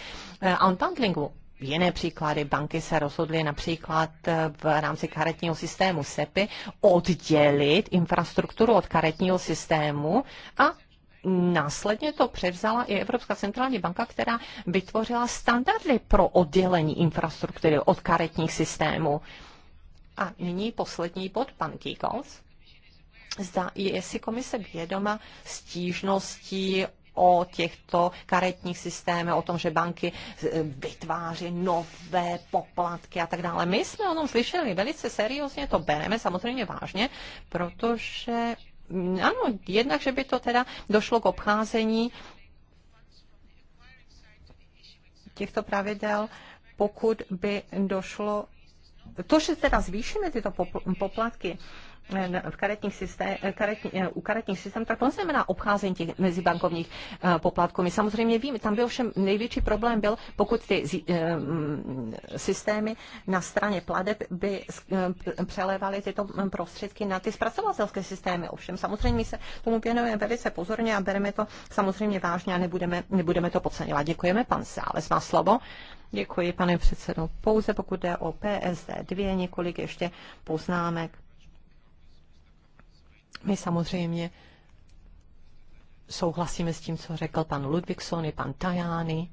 untanglingu. Eh, Jiné příklady banky se rozhodly například eh, v rámci karetního systému SEPI oddělit infrastrukturu od karetního systému a Následně to převzala i Evropská centrální banka, která vytvořila standardy pro oddělení infrastruktury od karetních systémů. A nyní poslední bod, pan Kikos zda je si komise vědoma stížností o těchto karetních systémech, o tom, že banky eh, vytváří nové poplatky a tak dále. My jsme o tom slyšeli velice seriózně, to bereme samozřejmě vážně, protože mm, ano, jednak, že by to teda došlo k obcházení těchto pravidel, pokud by došlo to, že teda zvýšíme tyto poplatky, v karetních systém, eh, karetní, eh, u karetních systém, tak to znamená obcházení těch mezibankovních eh, poplatků. My samozřejmě víme, tam byl všem největší problém byl, pokud ty mm, systémy na straně pladeb by přelévaly tyto mm, prostředky na ty zpracovatelské systémy. Ovšem samozřejmě my se tomu věnujeme velice pozorně a bereme to samozřejmě vážně a nebudeme, nebudeme to podceňovat. Děkujeme, pan Sáles má slovo. Děkuji, pane předsedo. Pouze pokud jde o PSD2, několik ještě poznámek my samozřejmě souhlasíme s tím, co řekl pan Ludvigson i pan Tajány.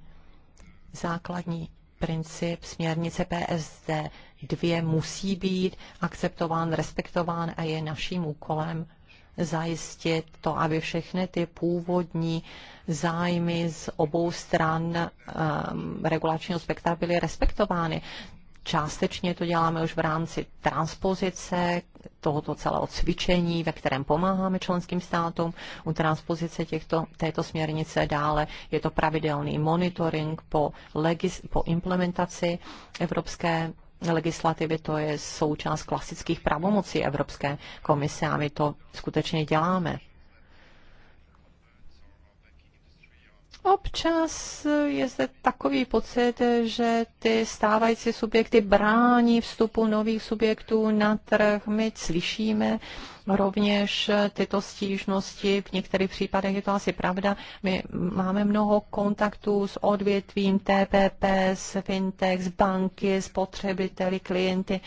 Základní princip směrnice PSD 2 musí být akceptován, respektován a je naším úkolem zajistit to, aby všechny ty původní zájmy z obou stran um, regulačního spektra byly respektovány. Částečně to děláme už v rámci transpozice tohoto celého cvičení, ve kterém pomáháme členským státům u transpozice těchto, této směrnice. Dále je to pravidelný monitoring po, legis, po implementaci evropské legislativy, to je součást klasických pravomocí Evropské komise a my to skutečně děláme. Občas je zde takový pocit, že ty stávající subjekty brání vstupu nových subjektů na trh. My slyšíme rovněž tyto stížnosti, v některých případech je to asi pravda. My máme mnoho kontaktů s odvětvím TPP, s fintech, s banky, s potřebiteli, klienty.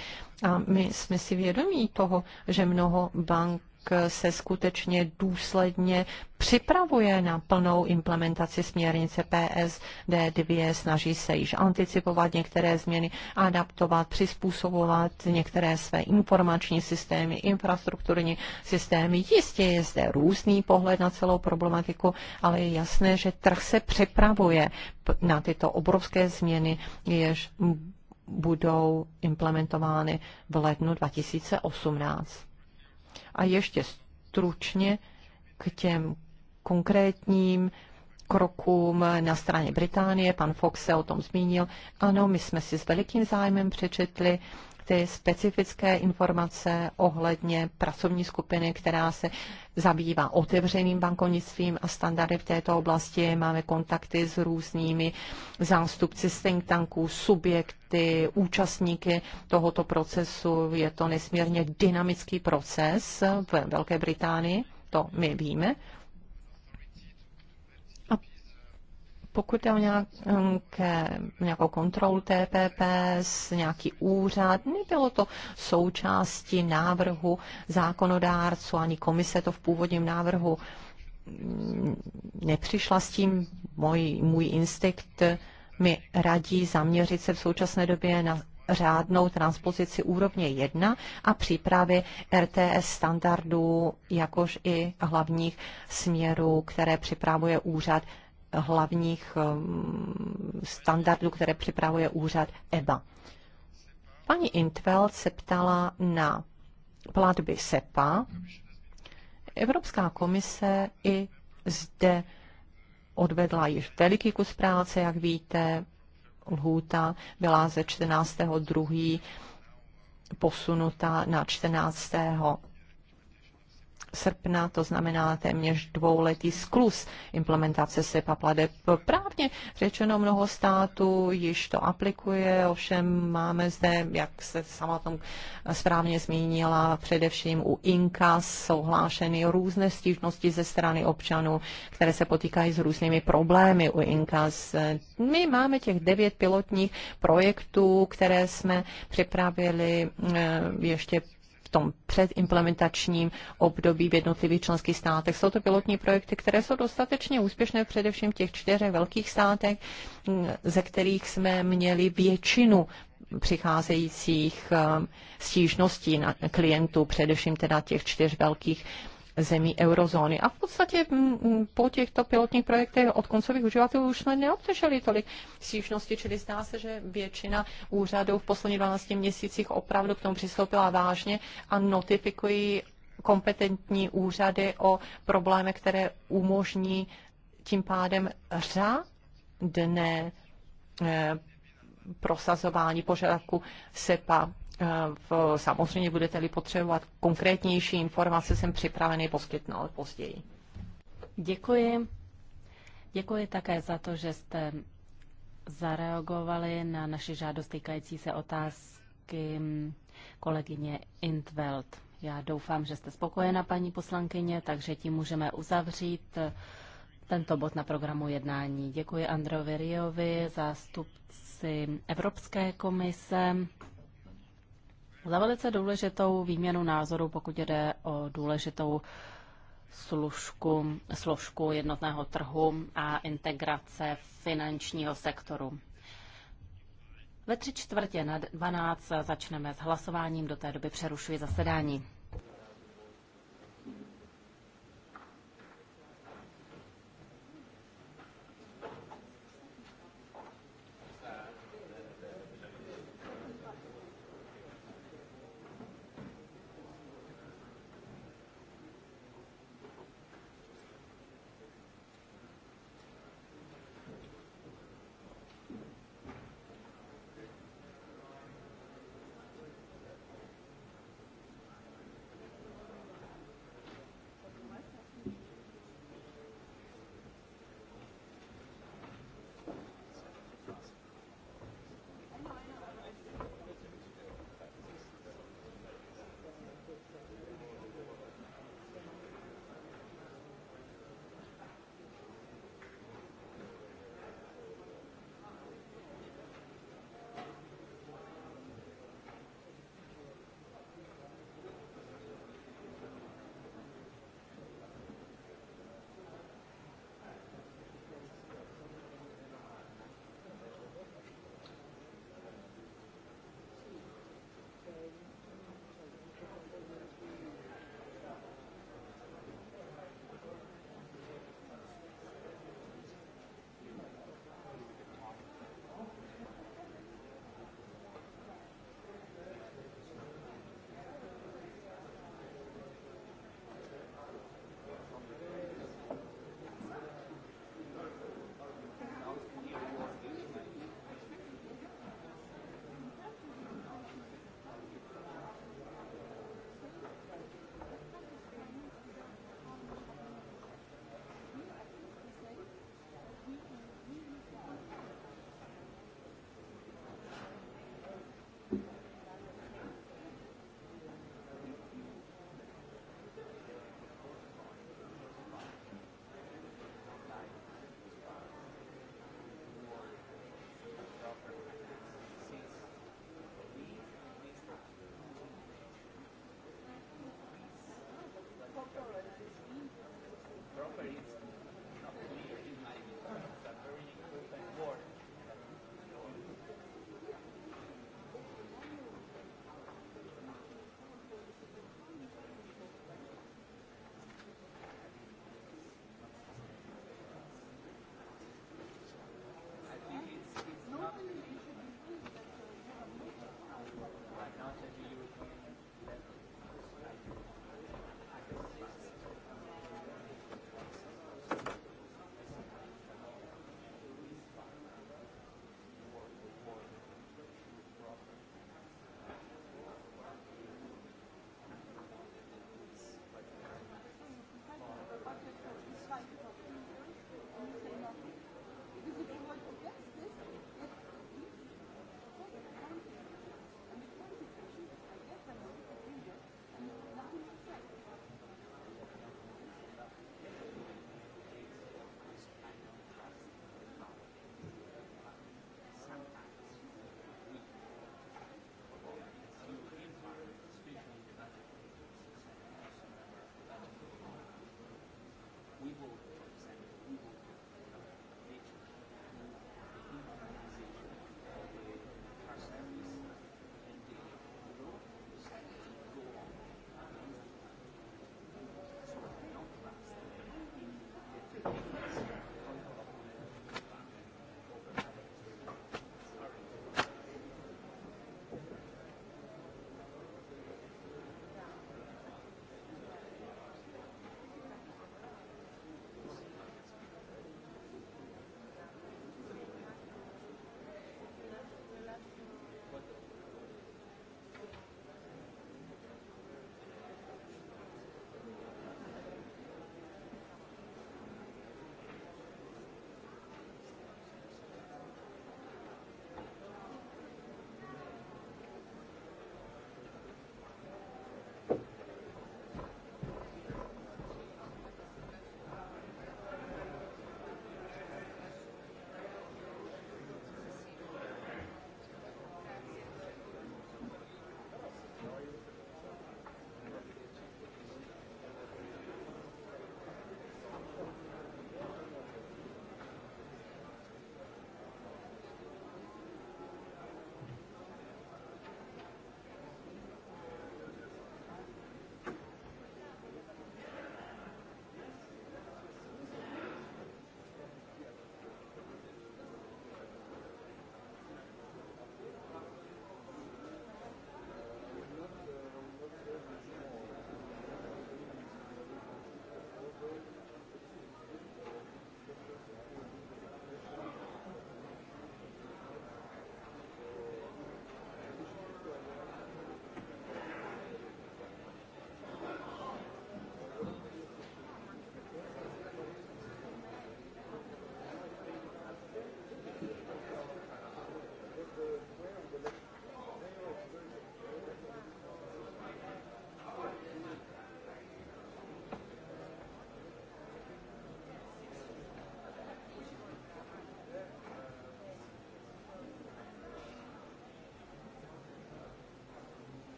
A my jsme si vědomí toho, že mnoho bank se skutečně důsledně připravuje na plnou implementaci směrnice PSD2, snaží se již anticipovat některé změny, adaptovat, přizpůsobovat některé své informační systémy, infrastrukturní systémy. Jistě je zde různý pohled na celou problematiku, ale je jasné, že trh se připravuje na tyto obrovské změny, jež budou implementovány v lednu 2018. A ještě stručně k těm konkrétním krokům na straně Británie. Pan Fox se o tom zmínil. Ano, my jsme si s velikým zájmem přečetli ty specifické informace ohledně pracovní skupiny, která se zabývá otevřeným bankovnictvím a standardy v této oblasti. Máme kontakty s různými zástupci think tanků, subjekty, účastníky tohoto procesu. Je to nesmírně dynamický proces v Velké Británii, to my víme. Pokud je o nějaké, nějakou kontrolu TPP, nějaký úřad, nebylo to součástí návrhu zákonodárců, ani komise to v původním návrhu mm, nepřišla s tím. Můj, můj instinkt mi radí zaměřit se v současné době na řádnou transpozici úrovně 1 a přípravy RTS standardů, jakož i hlavních směrů, které připravuje úřad hlavních um, standardů, které připravuje úřad EBA. Paní Intveld se ptala na platby SEPA. Evropská komise i zde odvedla již veliký kus práce, jak víte. Lhůta byla ze 14.2. posunuta na 14 srpna, to znamená téměř dvouletý sklus implementace SEPA plade. Právně řečeno mnoho států již to aplikuje, ovšem máme zde, jak se sama tom správně zmínila, především u INKAS jsou hlášeny různé stížnosti ze strany občanů, které se potýkají s různými problémy u INKAS. My máme těch devět pilotních projektů, které jsme připravili eh, ještě tom předimplementačním období v jednotlivých členských státech. Jsou to pilotní projekty, které jsou dostatečně úspěšné především v těch čtyřech velkých státech, ze kterých jsme měli většinu přicházejících eh, stížností na klientů, především teda těch čtyř velkých zemí eurozóny. A v podstatě mm, mm, po těchto pilotních projektech od koncových uživatelů už jsme neobdrželi tolik stížností, čili zdá se, že většina úřadů v posledních 12 měsících opravdu k tomu přistoupila vážně a notifikují kompetentní úřady o problémech, které umožní tím pádem řádné eh, prosazování požadavku SEPA Eh, v, samozřejmě budete-li potřebovat konkrétnější informace, jsem připravený poskytnout později. Děkuji. Děkuji také za to, že jste zareagovali na naše žádost týkající se otázky kolegyně Intveld. Já doufám, že jste spokojena, paní poslankyně, takže tím můžeme uzavřít tento bod na programu jednání. Děkuji Androvi Riovi, zástupci Evropské komise za velice důležitou výměnu názorů, pokud jde o důležitou služku, složku jednotného trhu a integrace finančního sektoru. Ve tři čtvrtě na 12 začneme s hlasováním, do té doby přerušuji zasedání.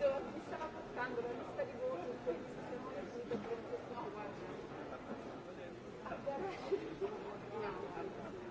Dove mi stava portando la lista di voti in cui discussione è finita per no, guarda. Guarda.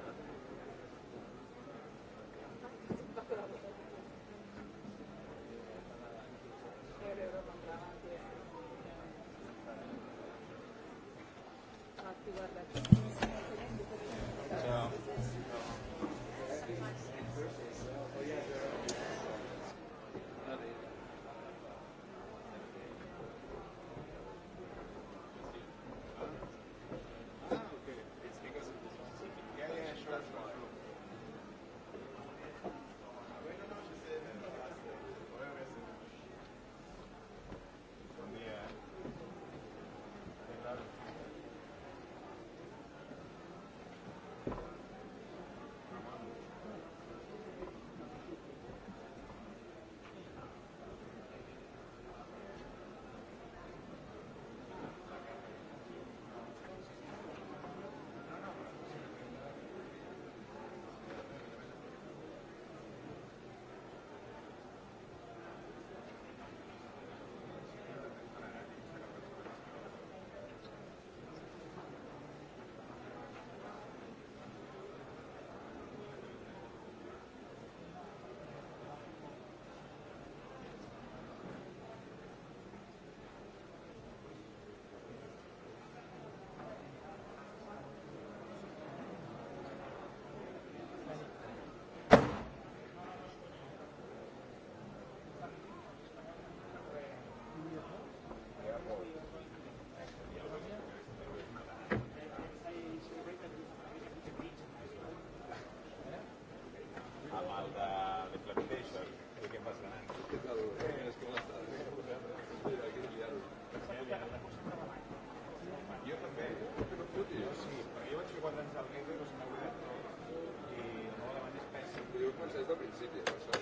principio. Eso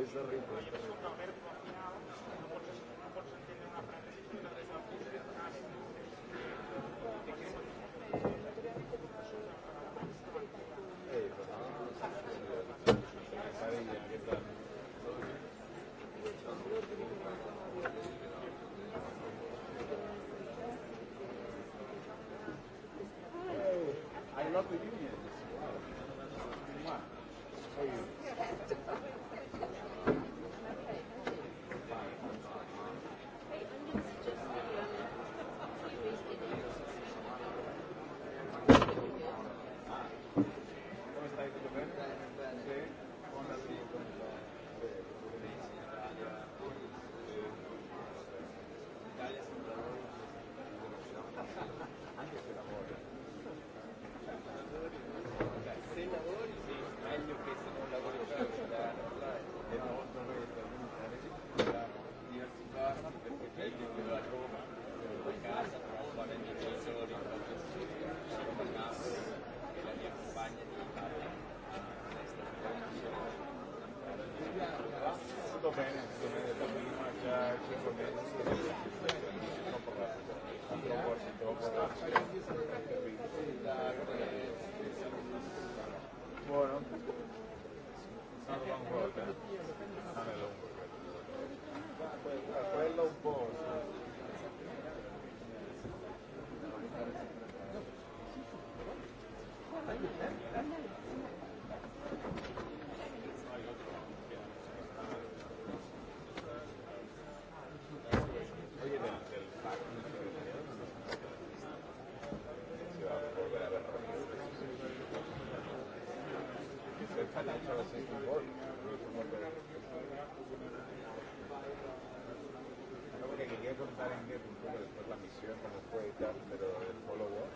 Es de rico. cambios, incluso después la misión, cómo fue y tal, pero el follow-up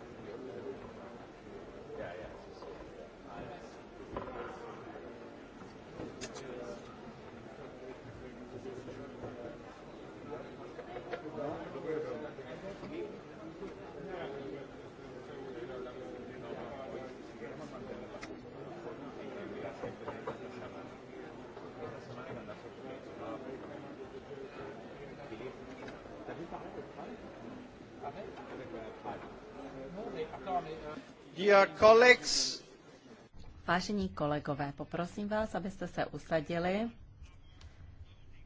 Vážení kolegové, poprosím vás, abyste se usadili,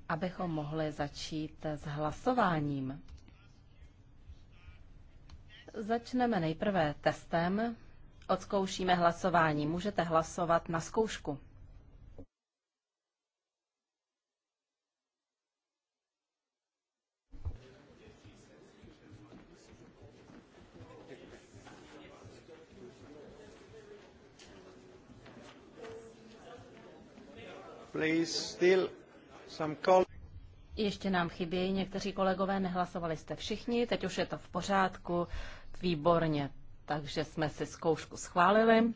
abychom mohli začít s hlasováním. Začneme nejprve testem. Odzkoušíme hlasování. Můžete hlasovat na zkoušku. Ještě nám chybějí někteří kolegové, nehlasovali jste všichni, teď už je to v pořádku, výborně, takže jsme si zkoušku schválili.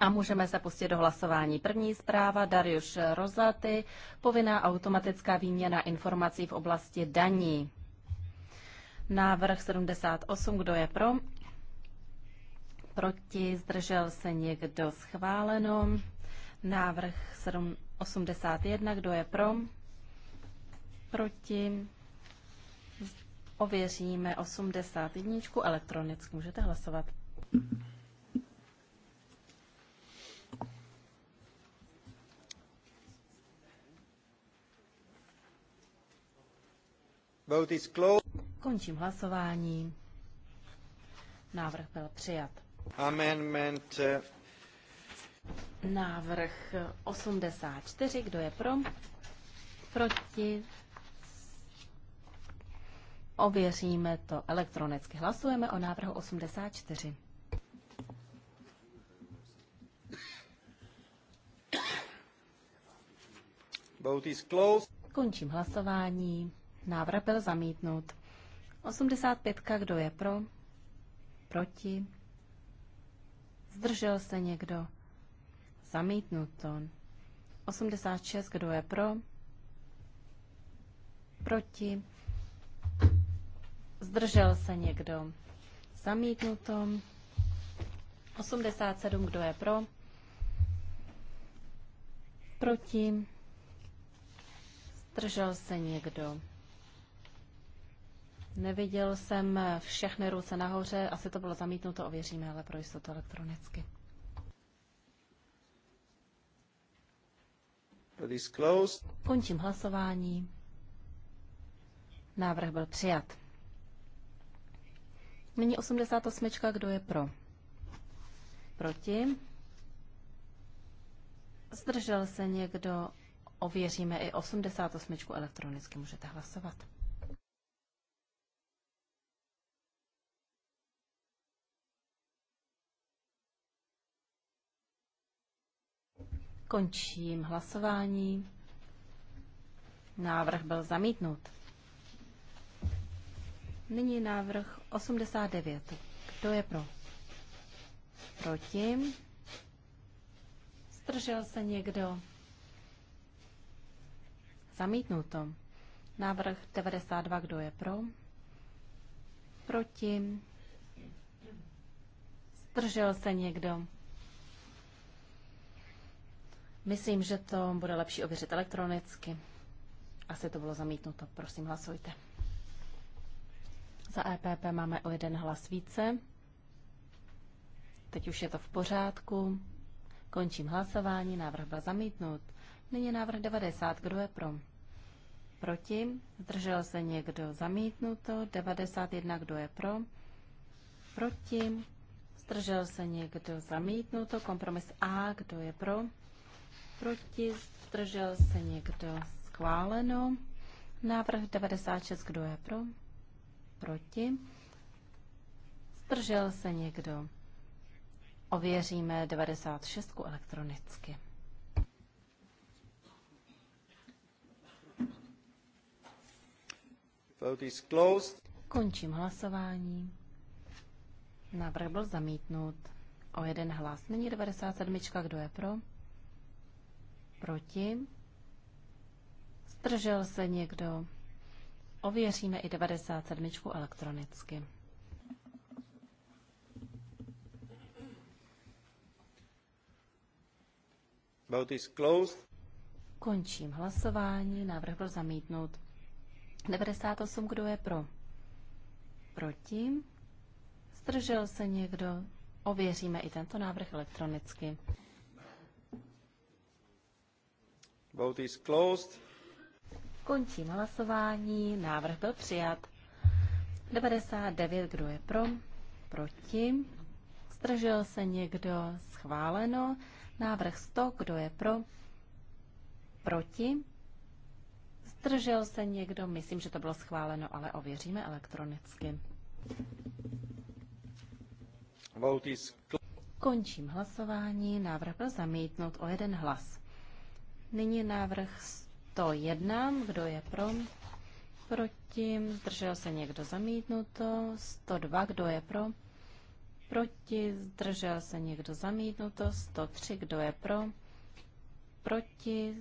A můžeme se pustit do hlasování. První zpráva Darius Rozaty, povinná automatická výměna informací v oblasti daní. Návrh 78, kdo je pro? Proti, zdržel se někdo schváleno. Návrh 81, kdo je pro? Proti? Ověříme 81 elektronicky. Můžete hlasovat. Vote is closed. Končím hlasování. Návrh byl přijat. Amendment eh, Návrh 84, kdo je pro? Proti? Ověříme to elektronicky. Hlasujeme o návrhu 84. Vote is closed. Končím hlasování. Návrh byl zamítnut. 85. Kdo je pro? Proti? Zdržel se někdo? Zamítnuto. 86, kdo je pro? Proti? Zdržel se někdo? Zamítnuto. 87, kdo je pro? Proti? Zdržel se někdo? Neviděl jsem všechny ruce nahoře, asi to bylo zamítnuto, ověříme, ale pro jistotu elektronicky. Končím hlasování. Návrh byl přijat. Nyní 88. Kdo je pro? Proti? Zdržel se někdo? Ověříme i 88. elektronicky. Můžete hlasovat. Končím hlasování. Návrh byl zamítnut. Nyní návrh 89. Kdo je pro? Proti? Zdržel se někdo? Zamítnuto. Návrh 92. Kdo je pro? Proti? Zdržel se někdo? Myslím, že to bude lepší ověřit elektronicky. Asi to bylo zamítnuto. Prosím, hlasujte. Za EPP máme o jeden hlas více. Teď už je to v pořádku. Končím hlasování. Návrh byl zamítnut. Nyní návrh 90. Kdo je pro? Proti? Zdržel se někdo? Zamítnuto. 91. Kdo je pro? Proti? Zdržel se někdo? Zamítnuto. Kompromis A. Kdo je pro? proti, zdržel se někdo, schváleno. Návrh 96, kdo je pro, proti, zdržel se někdo. Ověříme 96 elektronicky. Vote is closed. Končím hlasování. Návrh byl zamítnut. O jeden hlas. Není 97. Kdo je pro? Proti? Zdržel se někdo? Ověříme i 97 elektronicky. Vote is closed. Končím hlasování. Návrh byl zamítnut. 98, kdo je pro? Proti? Zdržel se někdo? Ověříme i tento návrh elektronicky. Vote is closed. Končím hlasování. Návrh byl přijat. 99, kdo je pro? Proti. Zdržel se někdo? Schváleno. Návrh 100, kdo je pro? Proti. Zdržel se někdo? Myslím, že to bylo schváleno, ale ověříme elektronicky. Končím hlasování. Návrh byl zamítnut o jeden hlas. Nyní návrh 101. Kdo je pro? Proti. Zdržel se někdo zamítnuto. 102. Kdo je pro? Proti. Zdržel se někdo zamítnuto. 103. Kdo je pro? Proti.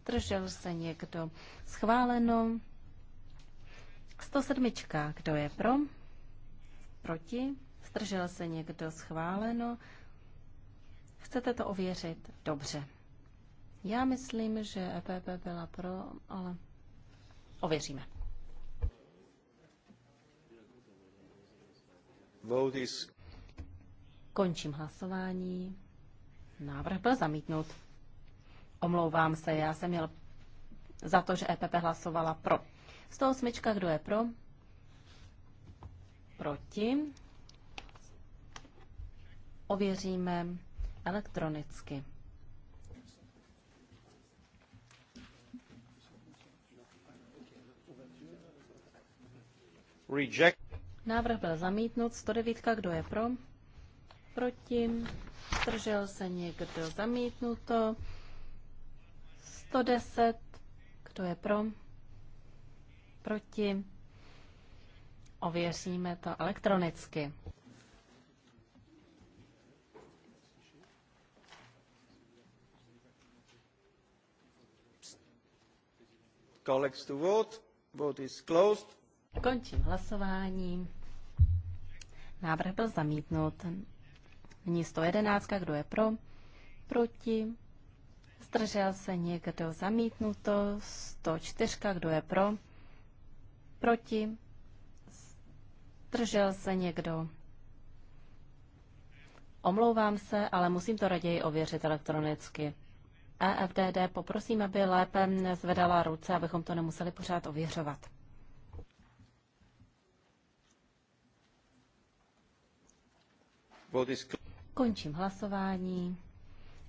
Zdržel se někdo schváleno. 107. Kdo je pro? Proti. Zdržel se někdo schváleno. Chcete to ověřit? Dobře. Já myslím, že EPP byla pro, ale ověříme. Vote is... Končím hlasování. Návrh byl zamítnut. Omlouvám se, já jsem měl za to, že EPP hlasovala pro. 108. Kdo je pro? Proti. Ověříme elektronicky. Návrh byl zamítnut. 109. Kdo je pro? Proti. Zdržel se někdo? Zamítnuto. 110. Kdo je pro? Proti. Ověříme to elektronicky. Collects to vote. Vote is closed. Končím hlasování. Návrh byl zamítnut. Nyní 111. Kdo je pro? Proti? Zdržel se někdo? Zamítnuto. 104. Kdo je pro? Proti? Zdržel se někdo? Omlouvám se, ale musím to raději ověřit elektronicky. EFDD poprosím, aby lépe zvedala ruce, abychom to nemuseli pořád ověřovat. Končím hlasování.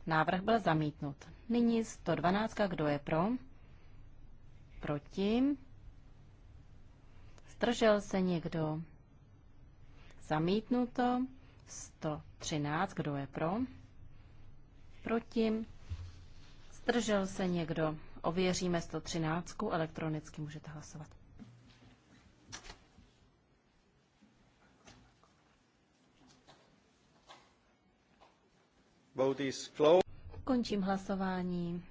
Návrh byl zamítnut. Nyní 112. Kdo je pro? Proti? Zdržel se někdo? Zamítnuto. 113. Kdo je pro? Proti? Zdržel se někdo? Ověříme 113. Elektronicky můžete hlasovat. Končím hlasování.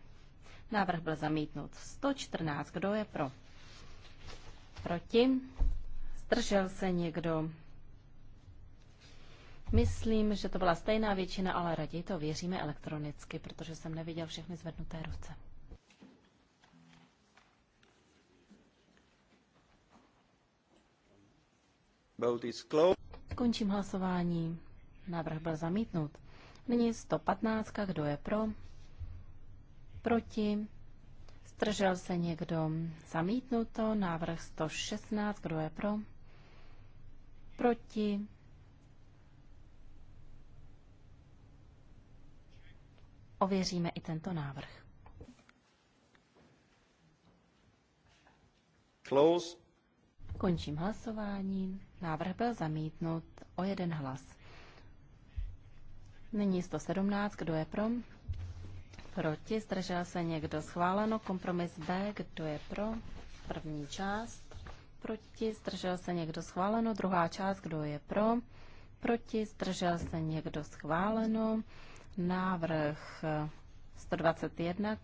Návrh byl zamítnut. 114. Kdo je pro? Proti? Zdržel se někdo? Myslím, že to byla stejná většina, ale raději to věříme elektronicky, protože jsem neviděl všechny zvednuté ruce. Končím hlasování. Návrh byl zamítnut. Nyní 115. Kdo je pro? Proti? Zdržel se někdo? Zamítnuto. Návrh 116. Kdo je pro? Proti? Ověříme i tento návrh. Close. Končím hlasování. Návrh byl zamítnut o jeden hlas. Nyní 117, kdo je pro? Proti, zdržel se někdo schváleno. Kompromis B, kdo je pro? První část. Proti, zdržel se někdo schváleno. Druhá část, kdo je pro? Proti, zdržel se někdo schváleno. Návrh 121,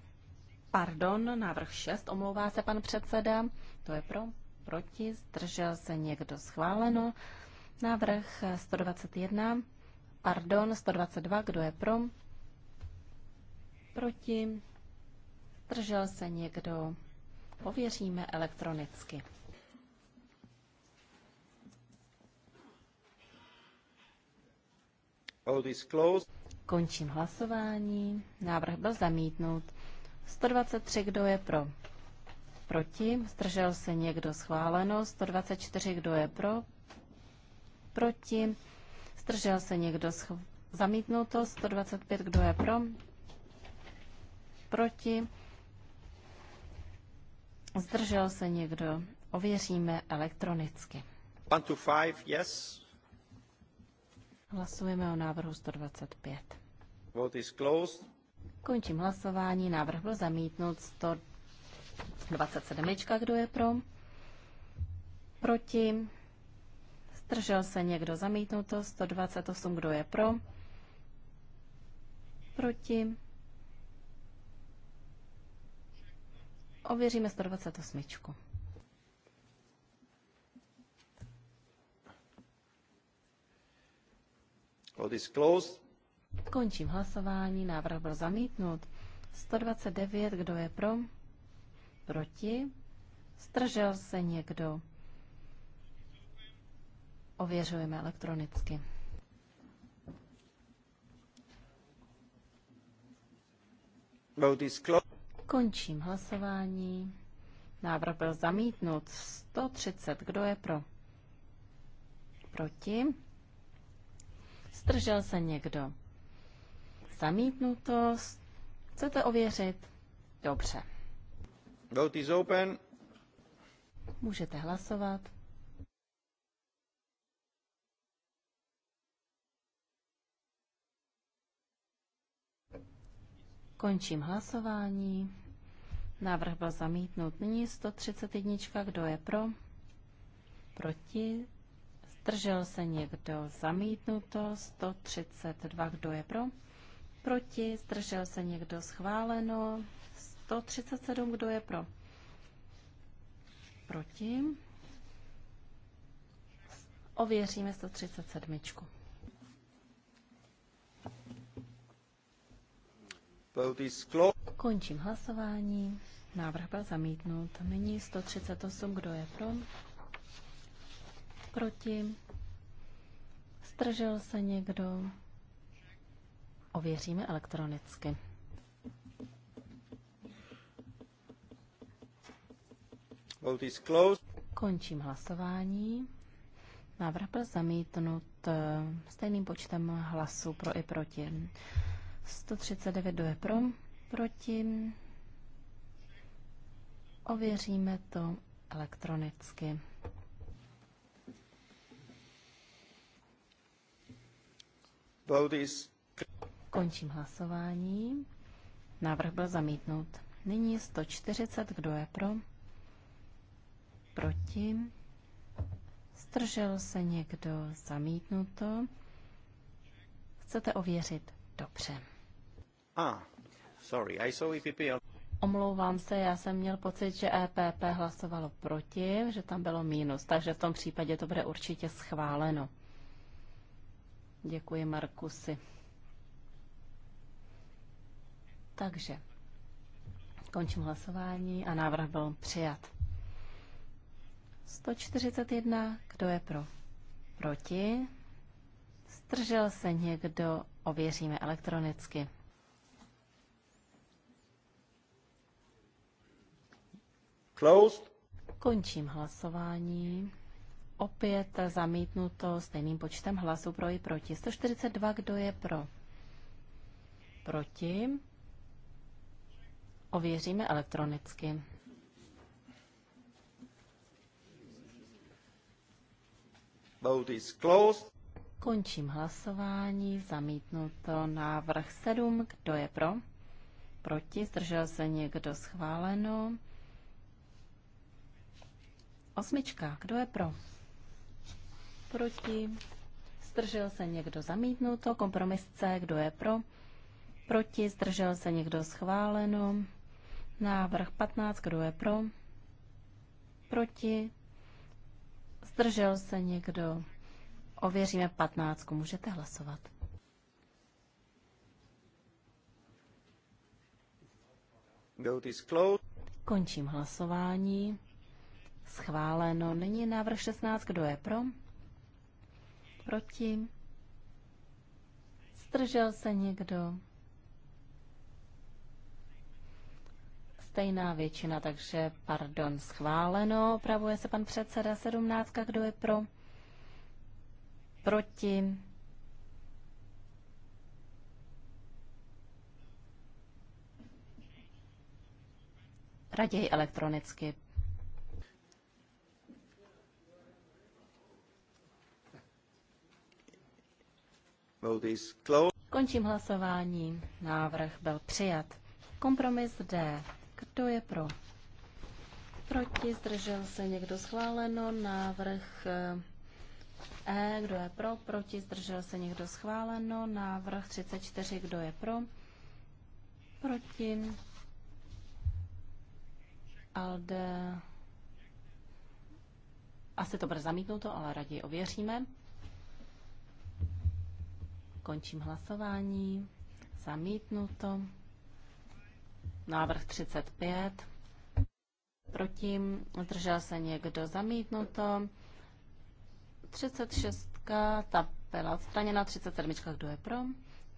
pardon, návrh 6, omlouvá se pan předseda. To je pro, proti, zdržel se někdo schváleno. Návrh 121, pardon, 122, kdo je pro? Proti? Držel se někdo? Pověříme elektronicky. Končím hlasování. Návrh byl zamítnut. 123, kdo je pro? Proti? Zdržel se někdo schváleno? 124, kdo je pro? Proti? Zdržel se někdo? Zamítnuto. 125. Kdo je pro? Proti? Zdržel se někdo? Ověříme elektronicky. One five, yes. Hlasujeme o návrhu 125. Vote is closed. Končím hlasování. Návrh byl zamítnut. 127. Kdo je pro? Proti? Zdržel se někdo zamítnuto? 128. Kdo je pro? Proti? Ověříme 128. Končím hlasování. Návrh byl zamítnut. 129. Kdo je pro? Proti? Zdržel se někdo? Ověřujeme elektronicky. Končím hlasování. Návrh byl zamítnut. 130. Kdo je pro? Proti? Zdržel se někdo? Zamítnuto. Chcete ověřit? Dobře. Vote is open. Můžete hlasovat. Končím hlasování. Návrh byl zamítnut. Nyní 131. Kdo je pro? Proti? Zdržel se někdo? Zamítnuto. 132. Kdo je pro? Proti? Zdržel se někdo? Schváleno. 137. Kdo je pro? Proti? Ověříme 137. Končím hlasování. Návrh byl zamítnut. Nyní 138. Kdo je pro? Proti? Zdržel se někdo? Ověříme elektronicky. Vote is closed. Končím hlasování. Návrh byl zamítnut stejným počtem hlasů pro i proti. 139 je pro, proti. Ověříme to elektronicky. Končím hlasování. Návrh byl zamítnut. Nyní 140, kdo je pro? Proti? Stržel se někdo? Zamítnuto? Chcete ověřit? Dobře. Ah, sorry, I saw EPP. Omlouvám se, já jsem měl pocit, že EPP hlasovalo proti, že tam bylo mínus, takže v tom případě to bude určitě schváleno. Děkuji, Markusy. Takže končím hlasování a návrh byl přijat. 141, kdo je pro? Proti? Zdržel se někdo? Ověříme elektronicky. Closed. Končím hlasování. Opět zamítnuto stejným počtem hlasů pro i proti. 142, kdo je pro? Proti. Ověříme elektronicky. Vote is closed. Končím hlasování. Zamítnuto návrh 7. Kdo je pro? Proti? Zdržel se někdo schváleno? Osmička. Kdo je pro? Proti. Zdržel se někdo zamítnuto. Kompromis C. Kdo je pro? Proti. Zdržel se někdo schváleno. Návrh 15. Kdo je pro? Proti. Zdržel se někdo? Ověříme 15. Můžete hlasovat. Končím hlasování. Schváleno. Nyní návrh 16. Kdo je pro? Proti? Zdržel se někdo? Stejná většina, takže pardon, schváleno. Pravuje se pan předseda 17. Kdo je pro? Proti? Raději elektronicky Končím hlasování. Návrh byl přijat. Kompromis D. Kdo je pro? Proti zdržel se někdo schváleno. Návrh eh, E. Kdo je pro? Proti zdržel se někdo schváleno. Návrh 34. Kdo je pro? Proti. Alde. Asi to bude zamítnuto, ale raději ověříme. Končím hlasování. Zamítnuto. Návrh 35. Proti. Zdržel se někdo. Zamítnuto. 36. Ta byla odstraněna. 37. Kdo je pro?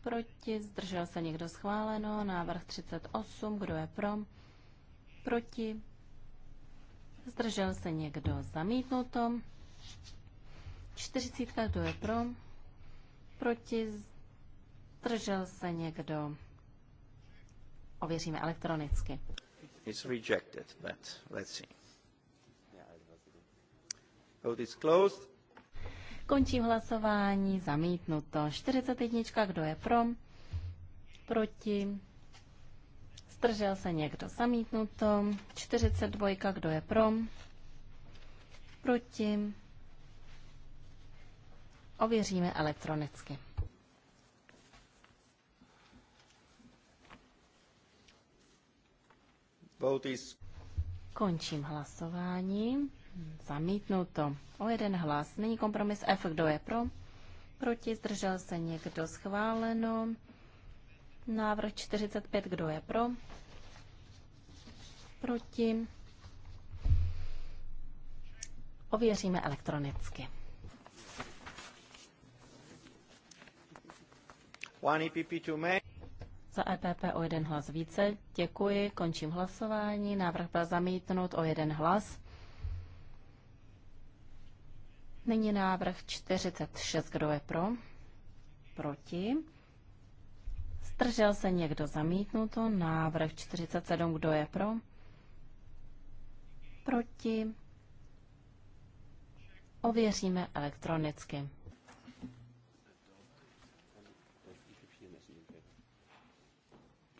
Proti. Zdržel se někdo. Schváleno. Návrh 38. Kdo je pro? Proti. Zdržel se někdo. Zamítnuto. 40. Kdo je pro? proti, zdržel se někdo. Ověříme elektronicky. It's rejected, but let's see. Vote is closed. Končím hlasování, zamítnuto. 41, kdo je pro? Proti? Zdržel se někdo, zamítnuto. 42, kdo je pro? Proti? Ověříme elektronicky. Vote Končím hlasování. Zamítnuto. O jeden hlas. Není kompromis F. Kdo je pro? Proti? Zdržel se někdo? Schváleno. Návrh 45. Kdo je pro? Proti? Ověříme elektronicky. E Za EPP o jeden hlas více. Děkuji, končím hlasování. Návrh byl zamítnut o jeden hlas. Nyní návrh 46. Kdo je pro? Proti. Zdržel se někdo zamítnuto? Návrh 47. Kdo je pro? Proti. Ověříme elektronicky.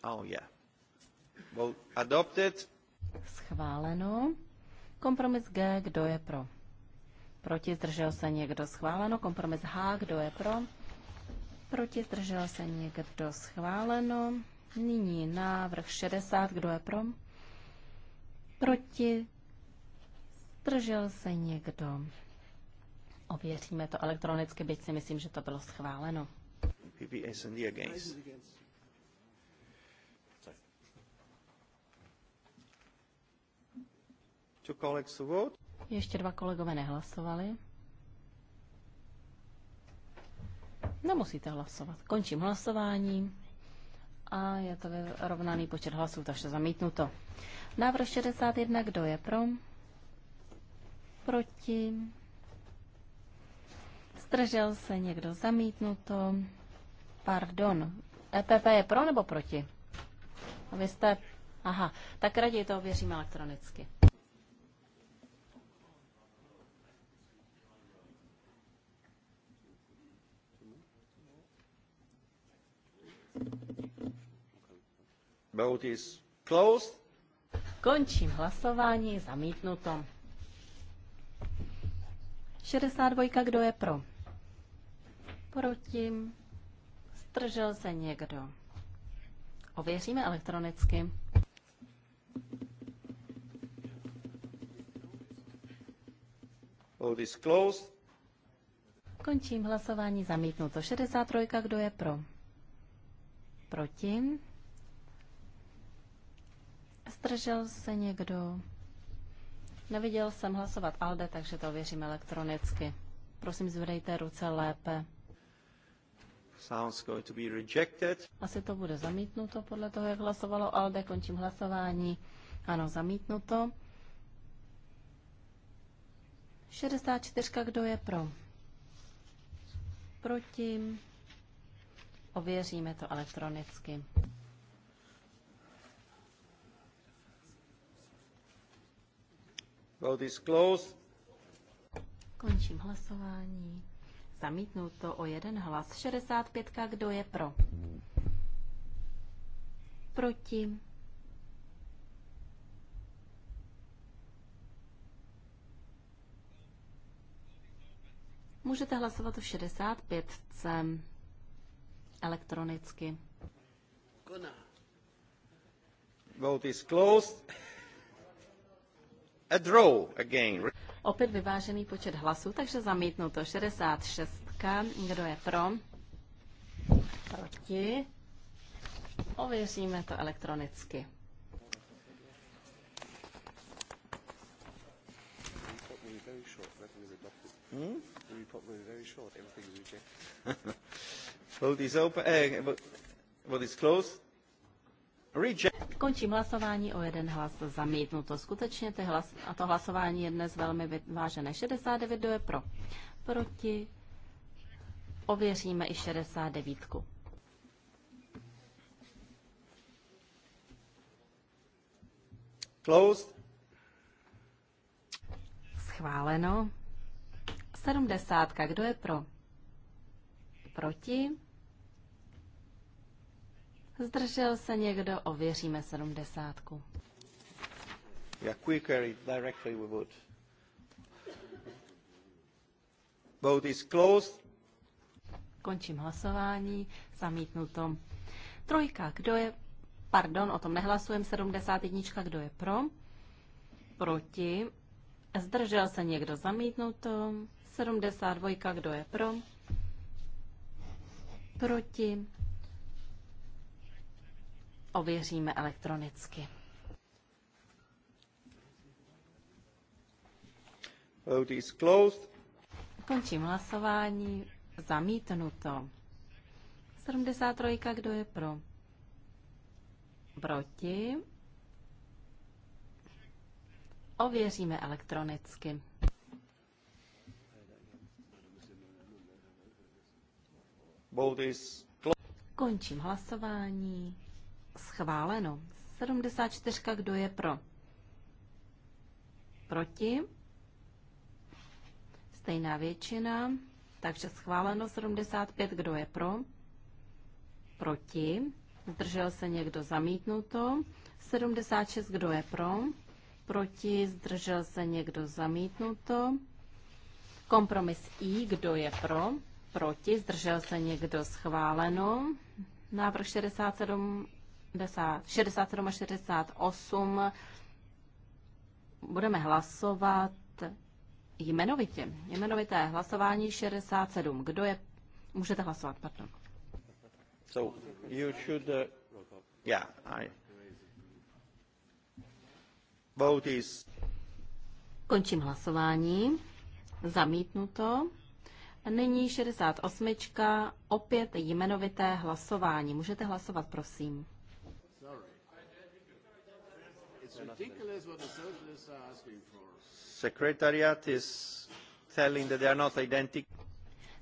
Oh, schváleno. Kompromis G, kdo je pro? Proti zdržel se někdo schváleno. Kompromis H, kdo je pro? Proti zdržel se někdo schváleno. Nyní návrh 60, kdo je pro? Proti zdržel se někdo. Ověříme to elektronicky, byť si myslím, že to bylo schváleno. against. Ještě dva kolegové nehlasovali. Nemusíte no, hlasovat. Končím hlasování. A je to vyrovnaný počet hlasů, takže zamítnuto. Návrh 61, kdo je pro? Proti? Zdržel se někdo zamítnuto? Pardon. EPP je pro nebo proti? A vy jste... Aha, tak raději to ověříme elektronicky. Vote is closed. Končím hlasování, zamítnuto. 62, kdo je pro? Proti? Zdržel se někdo? Ověříme elektronicky. Vote is closed. Končím hlasování zamítnuto. 63, kdo je pro? Proti? Zdržel se někdo? Neviděl jsem hlasovat ALDE, takže to věřím elektronicky. Prosím, zvedejte ruce lépe. Sounds going to be rejected. Asi to bude zamítnuto podle toho, jak hlasovalo ALDE. Končím hlasování. Ano, zamítnuto. 64. Kdo je pro? Proti? Ověříme to elektronicky. Vote is closed. Končím hlasování. to o jeden hlas. 65. Kdo je pro? Proti? Můžete hlasovat o 65 elektronicky. Vote is closed. A draw again. Opět vyvážený počet hlasů, takže zamítnu to 66. Kdo je pro? Proti? Ověříme to elektronicky. Hmm? Vote is open. Eh, vote is closed. Končím hlasování o jeden hlas zamítnuto. Skutečně ty hlas, a to hlasování je dnes velmi vážené. 69 je pro. Proti. Ověříme i 69. Closed. Schváleno. 70. Kdo je pro? Proti. Zdržel se někdo? Ověříme sedmdesátku. Yeah, query directly we would. Vote is closed. Končím hlasování. Zamítnuto. Trojka. Kdo je... Pardon, o tom Sedmdesát 71. Kdo je pro? Proti. Zdržel se někdo? Zamítnuto. 72. Kdo je pro? Proti ověříme elektronicky. Vote is closed. Končím hlasování. Zamítnuto. 73. Kdo je pro? Proti? Ověříme elektronicky. Končím hlasování schváleno. 74. Kdo je pro? Proti? Stejná většina. Takže schváleno 75. Kdo je pro? Proti? Zdržel se někdo zamítnuto? 76. Kdo je pro? Proti? Zdržel se někdo zamítnuto? Kompromis I. Kdo je pro? Proti? Zdržel se někdo schváleno? Návrh 67 67 a 68 budeme hlasovat jmenovitě. Jmenovité hlasování 67. Kdo je? Můžete hlasovat, pardon. So you should, uh, yeah, I vote is... Končím hlasování. Zamítnuto. Nyní 68. Opět jmenovité hlasování. Můžete hlasovat, prosím. It's ridiculous what the socialists are asking for. Secretariat is telling that they are not identical.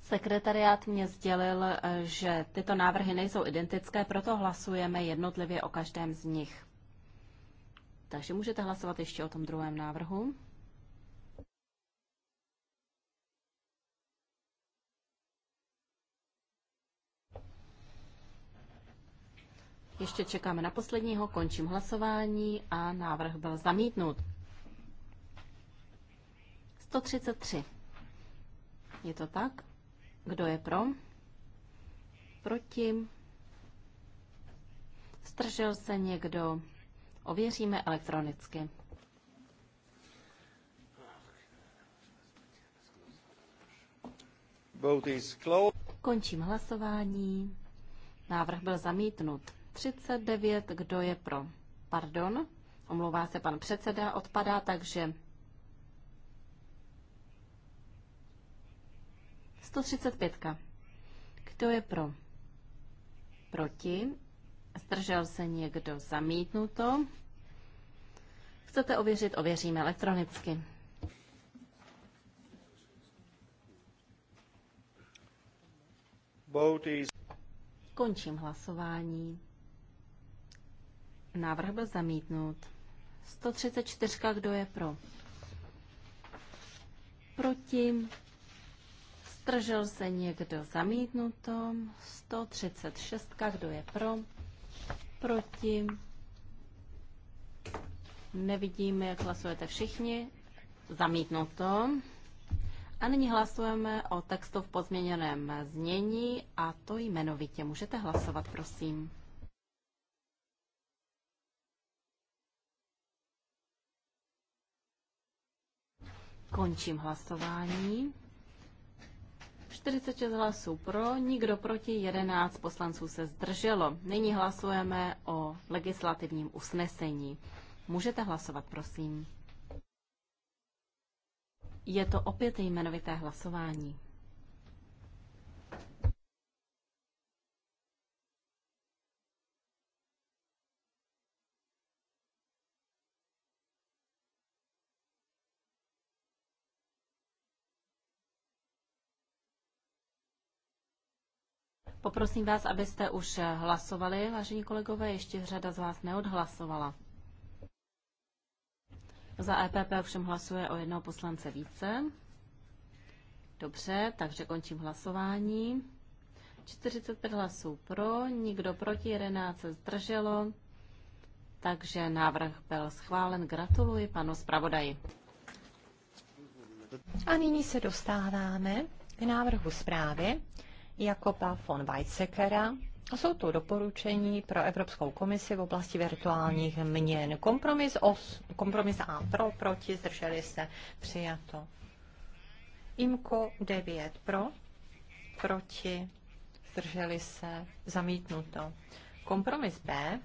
Sekretariát mě sdělil, že tyto návrhy nejsou identické, proto hlasujeme jednotlivě o každém z nich. Takže můžete hlasovat ještě o tom druhém návrhu. Ještě čekáme na posledního, končím hlasování a návrh byl zamítnut. 133. Je to tak? Kdo je pro? Proti? Stržel se někdo? Ověříme elektronicky. Končím hlasování. Návrh byl zamítnut. 39, kdo je pro? Pardon, omlouvá se pan předseda, odpadá, takže 135. Kdo je pro? Proti? Zdržel se někdo? Zamítnuto? Chcete ověřit? Ověříme elektronicky. Končím hlasování. Návrh byl zamítnut. 134. Kdo je pro? Proti? Stržel se někdo zamítnuto? 136. Kdo je pro? Proti? Nevidíme, jak hlasujete všichni. Zamítnuto. A nyní hlasujeme o textu v pozměněném znění a to jmenovitě. Můžete hlasovat, prosím. Končím hlasování. 46 hlasů pro, nikdo proti, 11 poslanců se zdrželo. Nyní hlasujeme o legislativním usnesení. Můžete hlasovat, prosím. Je to opět jmenovité hlasování. Poprosím vás, abyste už hlasovali, vážení kolegové, ještě řada z vás neodhlasovala. Za EPP všem hlasuje o jednoho poslance více. Dobře, takže končím hlasování. 45 hlasů pro, nikdo proti, 11 se zdrželo, takže návrh byl schválen. Gratuluji panu zpravodaji. A nyní se dostáváme k návrhu zprávy Jakoba von Weizsäckera. Jsou to doporučení pro Evropskou komisi v oblasti virtuálních měn. Kompromis, os, kompromis A pro, proti, zdrželi se, přijato. IMKO 9 pro, proti, zdrželi se, zamítnuto. Kompromis B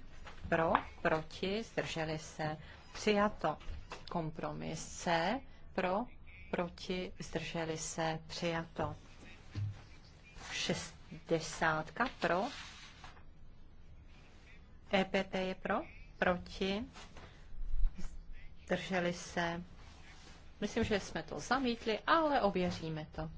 pro, proti, zdrželi se, přijato. Kompromis C pro, proti, zdrželi se, přijato. 60 pro. EPP je pro, proti. Drželi se. Myslím, že jsme to zamítli, ale ověříme to.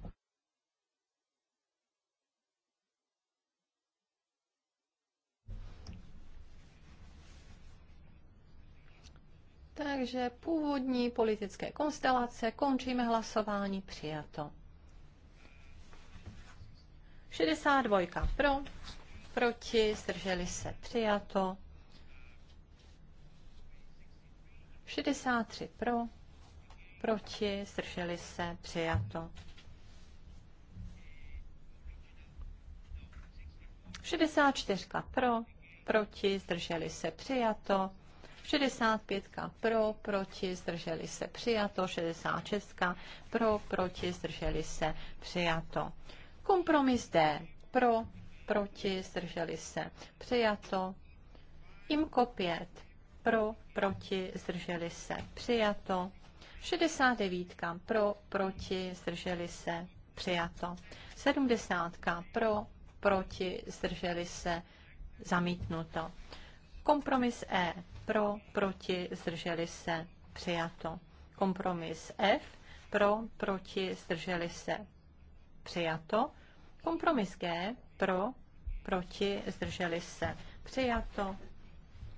Takže původní politické konstelace, končíme hlasování, přijato. 62 pro, proti, zdrželi se, přijato. 63 pro, proti, zdrželi se, přijato. 64 pro, proti, zdrželi se, přijato. 65 pro, proti, zdrželi se, přijato. 66 pro, proti, zdrželi se, přijato. Kompromis D. Pro, proti, zdrželi se. Přijato. Imko 5. Pro, proti, zdrželi se. Přijato. 69. Pro, proti, zdrželi se. Přijato. 70. Pro, proti, zdrželi se. Zamítnuto. Kompromis E. Pro, proti, zdrželi se. Přijato. Kompromis F. Pro, proti, zdrželi se. Přijato. Kompromis G pro, proti, zdrželi se. Přijato.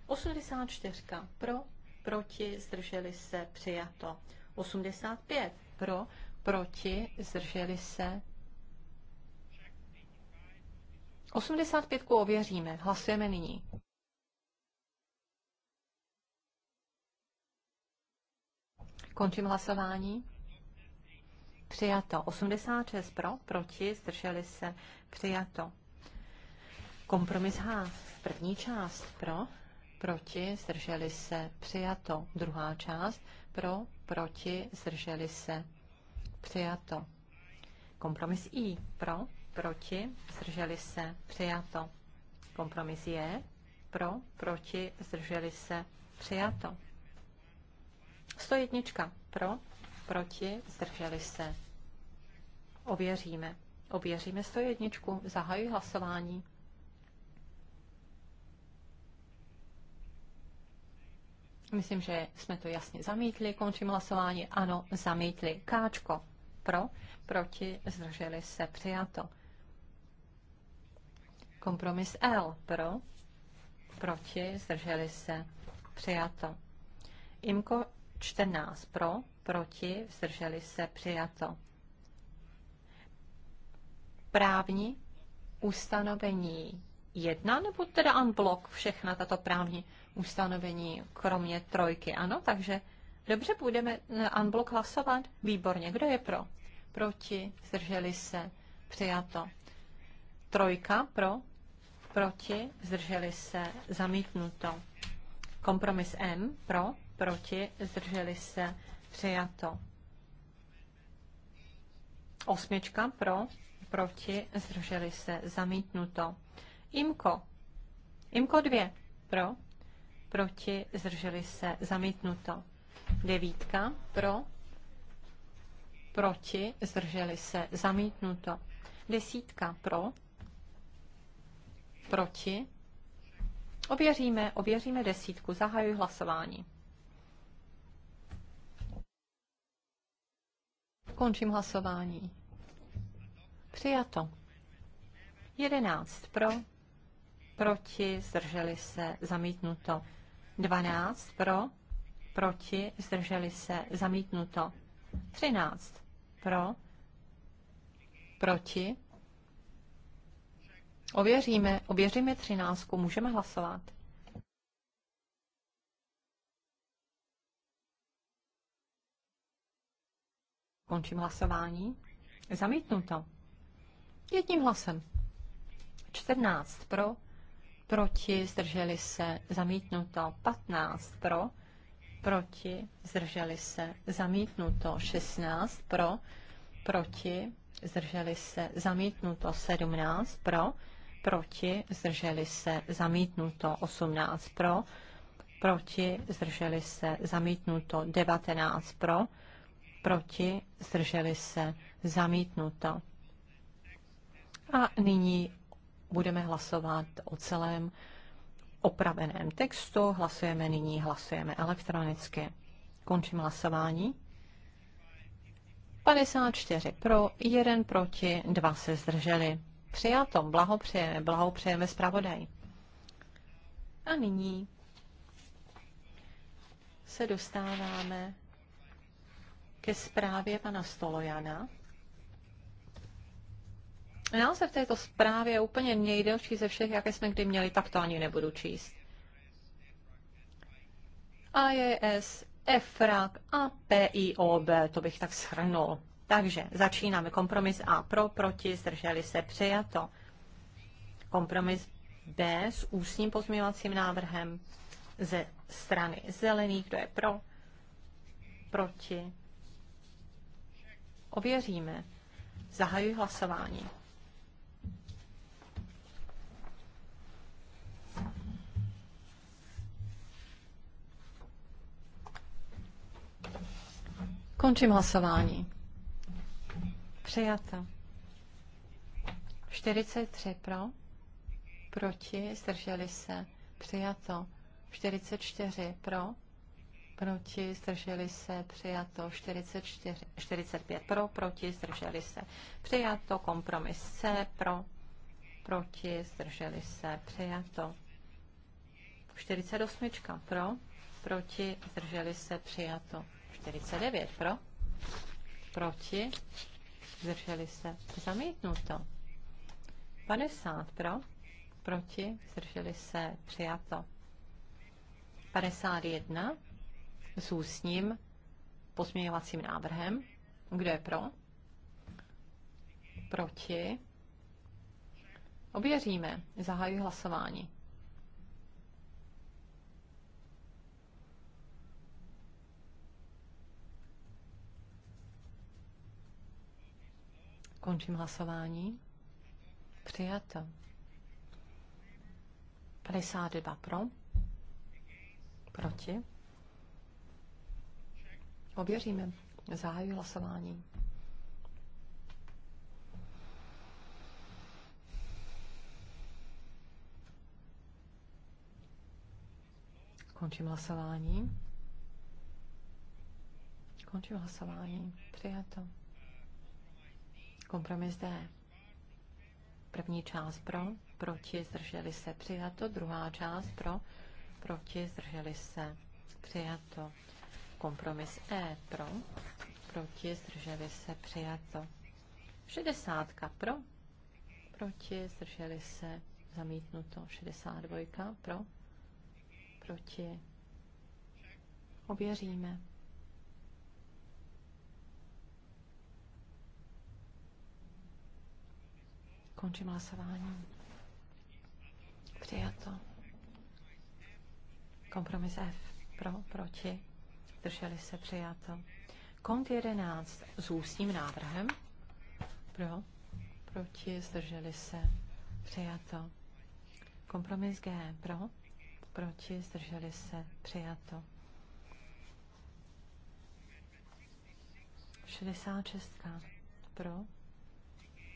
84 pro, proti, zdrželi se. Přijato. 85 pro, proti, zdrželi se. 85 ověříme. Hlasujeme nyní. Končím hlasování přijato. 86 pro, proti, zdrželi se, přijato. Kompromis H, první část pro, proti, zdrželi se, přijato. Druhá část pro, proti, zdrželi se, přijato. Kompromis I, pro, proti, zdrželi se, přijato. Kompromis j pro, proti, zdrželi se, přijato. 101. Pro, proti, zdrželi se. Ověříme. Ověříme 101. Zahajuji hlasování. Myslím, že jsme to jasně zamítli. Končím hlasování. Ano, zamítli. Káčko. Pro, proti, zdrželi se. Přijato. Kompromis L. Pro, proti, zdrželi se. Přijato. IMKO 14 pro, proti, zdrželi se, přijato. Právní ustanovení jedna, nebo teda unblock všechna tato právní ustanovení, kromě trojky, ano, takže dobře, budeme eh, unblock hlasovat, výborně, kdo je pro? Proti, zdrželi se, přijato. Trojka pro, proti, zdrželi se, zamítnuto. Kompromis M pro, proti, zdrželi se, Přijato. Osmička pro, proti, zdrželi se, zamítnuto. Imko. Imko dvě pro, proti, zdrželi se, zamítnuto. Devítka pro, proti, zdrželi se, zamítnuto. Desítka pro, proti. Ověříme, ověříme desítku, zahajuji hlasování. Končím hlasování. Přijato. 11 pro, proti, zdrželi se, zamítnuto. 12 pro, proti, zdrželi se, zamítnuto. 13 pro, proti. Ověříme, ověříme 13, můžeme hlasovat. Končím hlasování. Zamítnuto. Jedním hlasem. 14 pro, proti, zdrželi se, zamítnuto. 15 pro, proti, zdrželi se, zamítnuto. 16 pro, proti, zdrželi se, zamítnuto. 17 pro, proti, zdrželi se, zamítnuto. 18 pro, proti, zdrželi se, zamítnuto. 19 pro, proti, zdrželi se, zamítnuto. A nyní budeme hlasovat o celém opraveném textu. Hlasujeme nyní, hlasujeme elektronicky. Končím hlasování. 54 pro, 1 proti, 2 se zdrželi. Přijato, blahopřejeme, blahopřejeme zpravodaj. A nyní se dostáváme ke zprávě pana Stolojana. Název této zprávě je úplně nejdelší ze všech, jaké jsme kdy měli, tak to ani nebudu číst. IES, EFRAG a PIOB, to bych tak shrnul. Takže začínáme. Kompromis A pro, proti, zdrželi se, přijato. Kompromis B s ústním pozměňovacím návrhem ze strany zelených, kdo je pro, proti, Ověříme. Zahajuji hlasování. Končím hlasování. Přijata. 43 pro, proti, zdrželi se, přijato. 44 pro, proti, zdrželi se, přijato 44, 45 pro, proti, zdrželi se, přijato, kompromis C pro, proti, zdrželi se, přijato 48 pro, proti, zdrželi se, přijato 49 pro, proti, zdrželi se, zamítnuto 50 pro, proti, zdrželi se, přijato 51 s ústním pozměňovacím návrhem. Kdo je pro? Proti? Ověříme. Zahajuji hlasování. Končím hlasování. Přijato. 52 pro. Proti. Ověříme. Zahajuji hlasování. Končím hlasování. Končím hlasování. Přijato. Kompromis D. První část pro, proti, zdrželi se, přijato. Druhá část pro, proti, zdrželi se, přijato. Kompromis E pro, proti, zdrželi se, přijato. 60 pro, proti, zdrželi se, zamítnuto. 62 pro, proti. Ověříme. Končím hlasování. Přijato. Kompromis F. Pro, proti zdrželi se přijato. Kont 11 s ústním návrhem. Pro. Proti. Zdrželi se. Přijato. Kompromis G. Pro. Proti. Zdrželi se. Přijato. 66. Pro.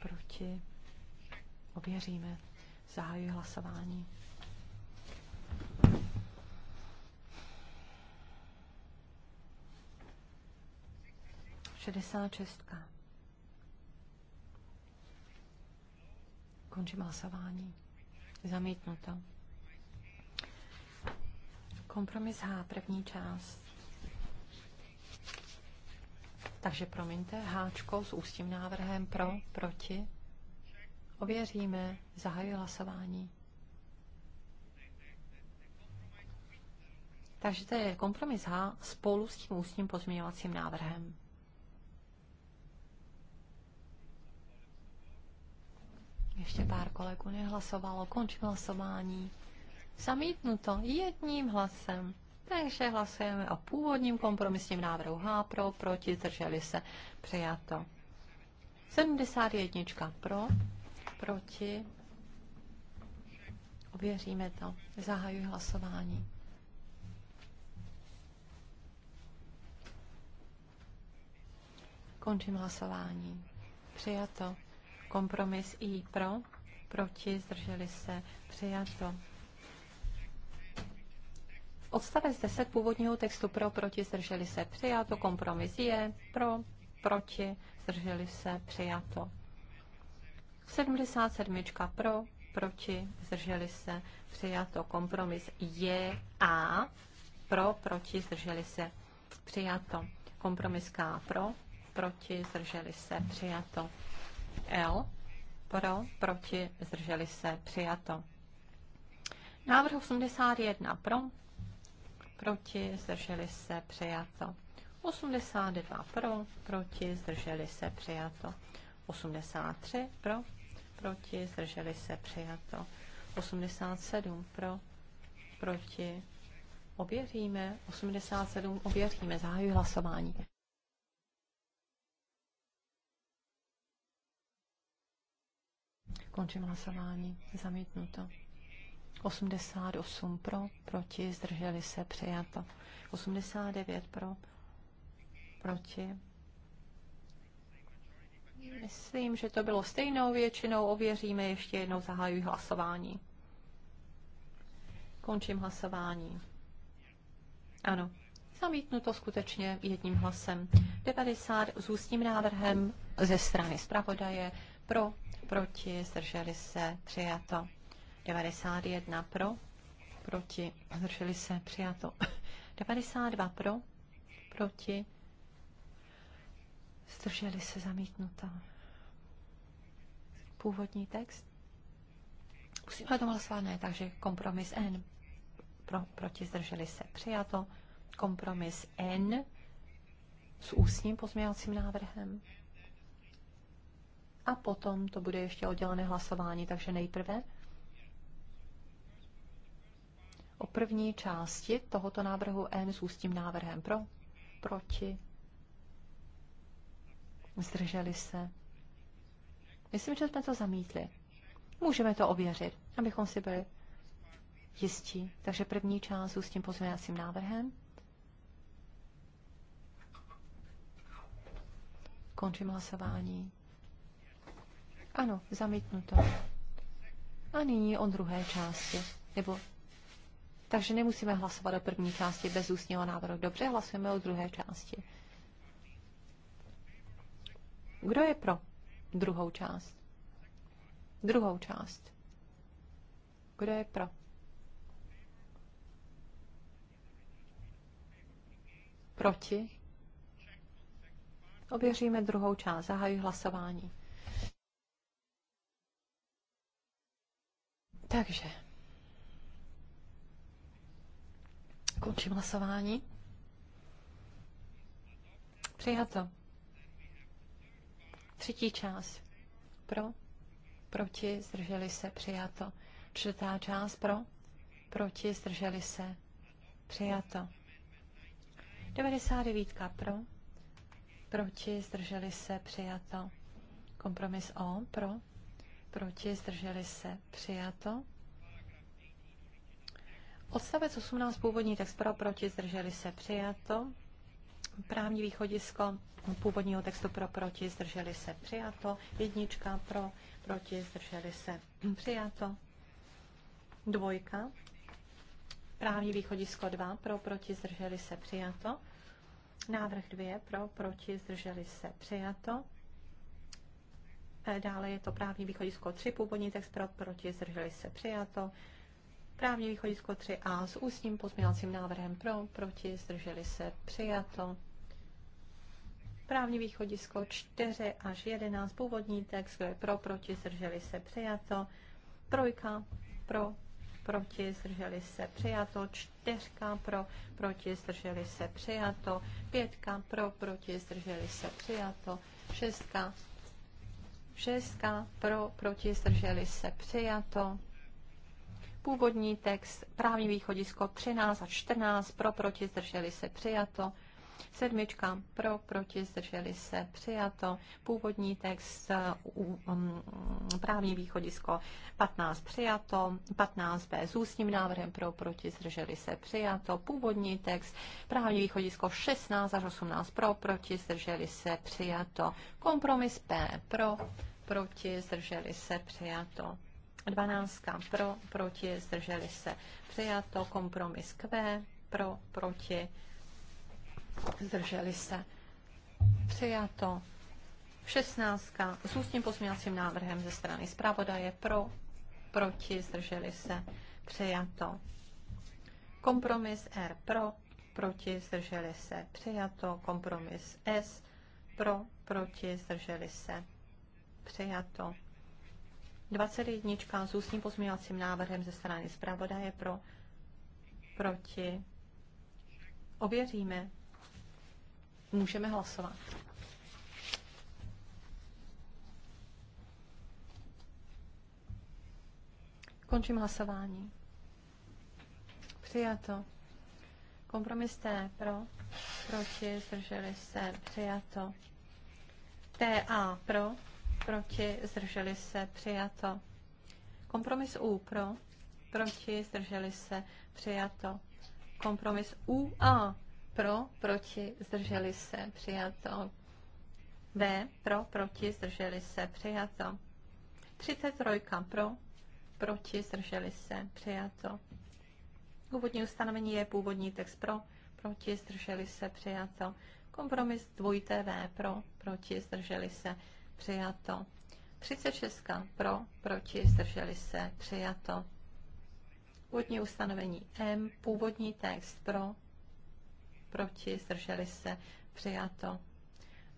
Proti. Ověříme. Zahajuji hlasování. 66. Končím hlasování. Zamítnuto. Kompromis H, první část. Takže promiňte, háčko s ústním návrhem pro, proti. Ověříme, zahajuji hlasování. Takže to je kompromis H spolu s tím ústním pozměňovacím návrhem. Ještě pár kolegů nehlasovalo. Končím hlasování. Zamítnuto jedním hlasem. Takže hlasujeme o původním kompromisním návrhu H pro, proti, zdrželi se, přijato. 71 pro, proti, ověříme to, zahajuji hlasování. Končím hlasování. Přijato. Kompromis I pro, proti, zdrželi se, přijato. Odstavec 10 původního textu pro, proti, zdrželi se, přijato. Kompromis je pro, proti, zdrželi se, přijato. 77 pro, proti, zdrželi se, přijato. Kompromis je A, pro, proti, zdrželi se, přijato. Kompromis K pro, proti, zdrželi se, přijato. L pro, proti, zdrželi se, přijato. Návrh 81 pro, proti, zdrželi se, přijato. 82 pro, proti, zdrželi se, přijato. 83 pro, proti, zdrželi se, přijato. 87 pro, proti, ověříme, 87 ověříme, zahajuji hlasování. Končím hlasování. Zamítnuto. 88 pro, proti, zdrželi se, přijato. 89 pro, proti. Myslím, že to bylo stejnou většinou. Ověříme ještě jednou, zahajuji hlasování. Končím hlasování. Ano, zamítnuto skutečně jedním hlasem. 90 s ústním návrhem ze strany zpravodaje pro proti, zdrželi se, přijato. 91 pro, proti, zdrželi se, přijato. 92 pro, proti, zdrželi se, zamítnuto. Původní text. Musíme to hlasovat, ne, takže kompromis N. Pro, proti, zdrželi se, přijato. Kompromis N s ústním pozměňovacím návrhem a potom to bude ještě oddělené hlasování. Takže nejprve o první části tohoto návrhu N s ústím návrhem pro, proti, zdrželi se. Myslím, že jsme to zamítli. Můžeme to ověřit, abychom si byli jistí. Takže první část s ústním pozměňovacím návrhem. Končím hlasování. Ano, zamítnuto. A nyní o druhé části. Nebo takže nemusíme hlasovat o první části bez ústního návrhu. Dobře, hlasujeme o druhé části. Kdo je pro druhou část? Druhou část. Kdo je pro? Proti? Ověříme druhou část. Zahajuji hlasování. Takže končím hlasování. Přijato. Třetí část. Pro, proti, zdrželi se, přijato. Čtvrtá část pro, proti, zdrželi se, přijato. 99 pro, proti, zdrželi se, přijato. Kompromis O pro, proti, zdrželi se, přijato. Odstavec 18, původní text pro, proti, zdrželi se, přijato. Právní východisko původního textu pro, proti, zdrželi se, přijato. Jednička pro, proti, zdrželi se, přijato. Dvojka. Právní východisko 2, pro, proti, zdrželi se, přijato. Návrh 2, pro, proti, zdrželi se, přijato. Dále je to právní východisko 3, původní text pro, proti, zdrželi se přijato. Právní východisko 3a s ústním pozměňovacím návrhem pro, proti, zdrželi se přijato. Právní východisko 4 až 11, původní text, kdo je pro, proti, zdrželi se přijato. Trojka pro, proti, zdrželi se přijato. Čtyřka pro, proti, zdrželi se přijato. Pětka pro, proti, zdrželi se přijato. Šestka 6. pro, proti, zdrželi se, přijato. Původní text, právní východisko 13 a 14, pro, proti, zdrželi se, přijato. Sedmička pro, proti, zdrželi se, přijato. Původní text, um, právní východisko 15 přijato, 15b s ústním návrhem pro, proti, zdrželi se, přijato. Původní text, právní východisko 16 až 18 pro, proti, zdrželi se, přijato. Kompromis P pro, proti, zdrželi se, přijato. 12 pro, proti, zdrželi se, přijato. Kompromis Q pro, proti, zdrželi se, přijato. 16. S ústním pozměňovacím návrhem ze strany zpravodaje pro, proti, zdrželi se, přijato. Kompromis R pro, proti, zdrželi se, přijato. Kompromis S pro, proti, zdrželi se, přijato. 21. S ústním pozměňovacím návrhem ze strany zpravodaje pro, proti. Ověříme. Můžeme hlasovat. Končím hlasování. Přijato. Kompromis T pro, proti, zdrželi se, přijato. TA pro, proti, zdrželi se, přijato. Kompromis U pro, proti, zdrželi se, přijato. Kompromis UA pro, proti, zdrželi se, přijato. B, pro, proti, zdrželi se, přijato. 33 pro, proti, zdrželi se, přijato. Původní ustanovení je původní text pro, proti, zdrželi se, přijato. Kompromis dvojité V, pro, proti, zdrželi se, přijato. 36 pro, proti, zdrželi se, přijato. Původní ustanovení M, původní text pro, proti, zdrželi se, přijato.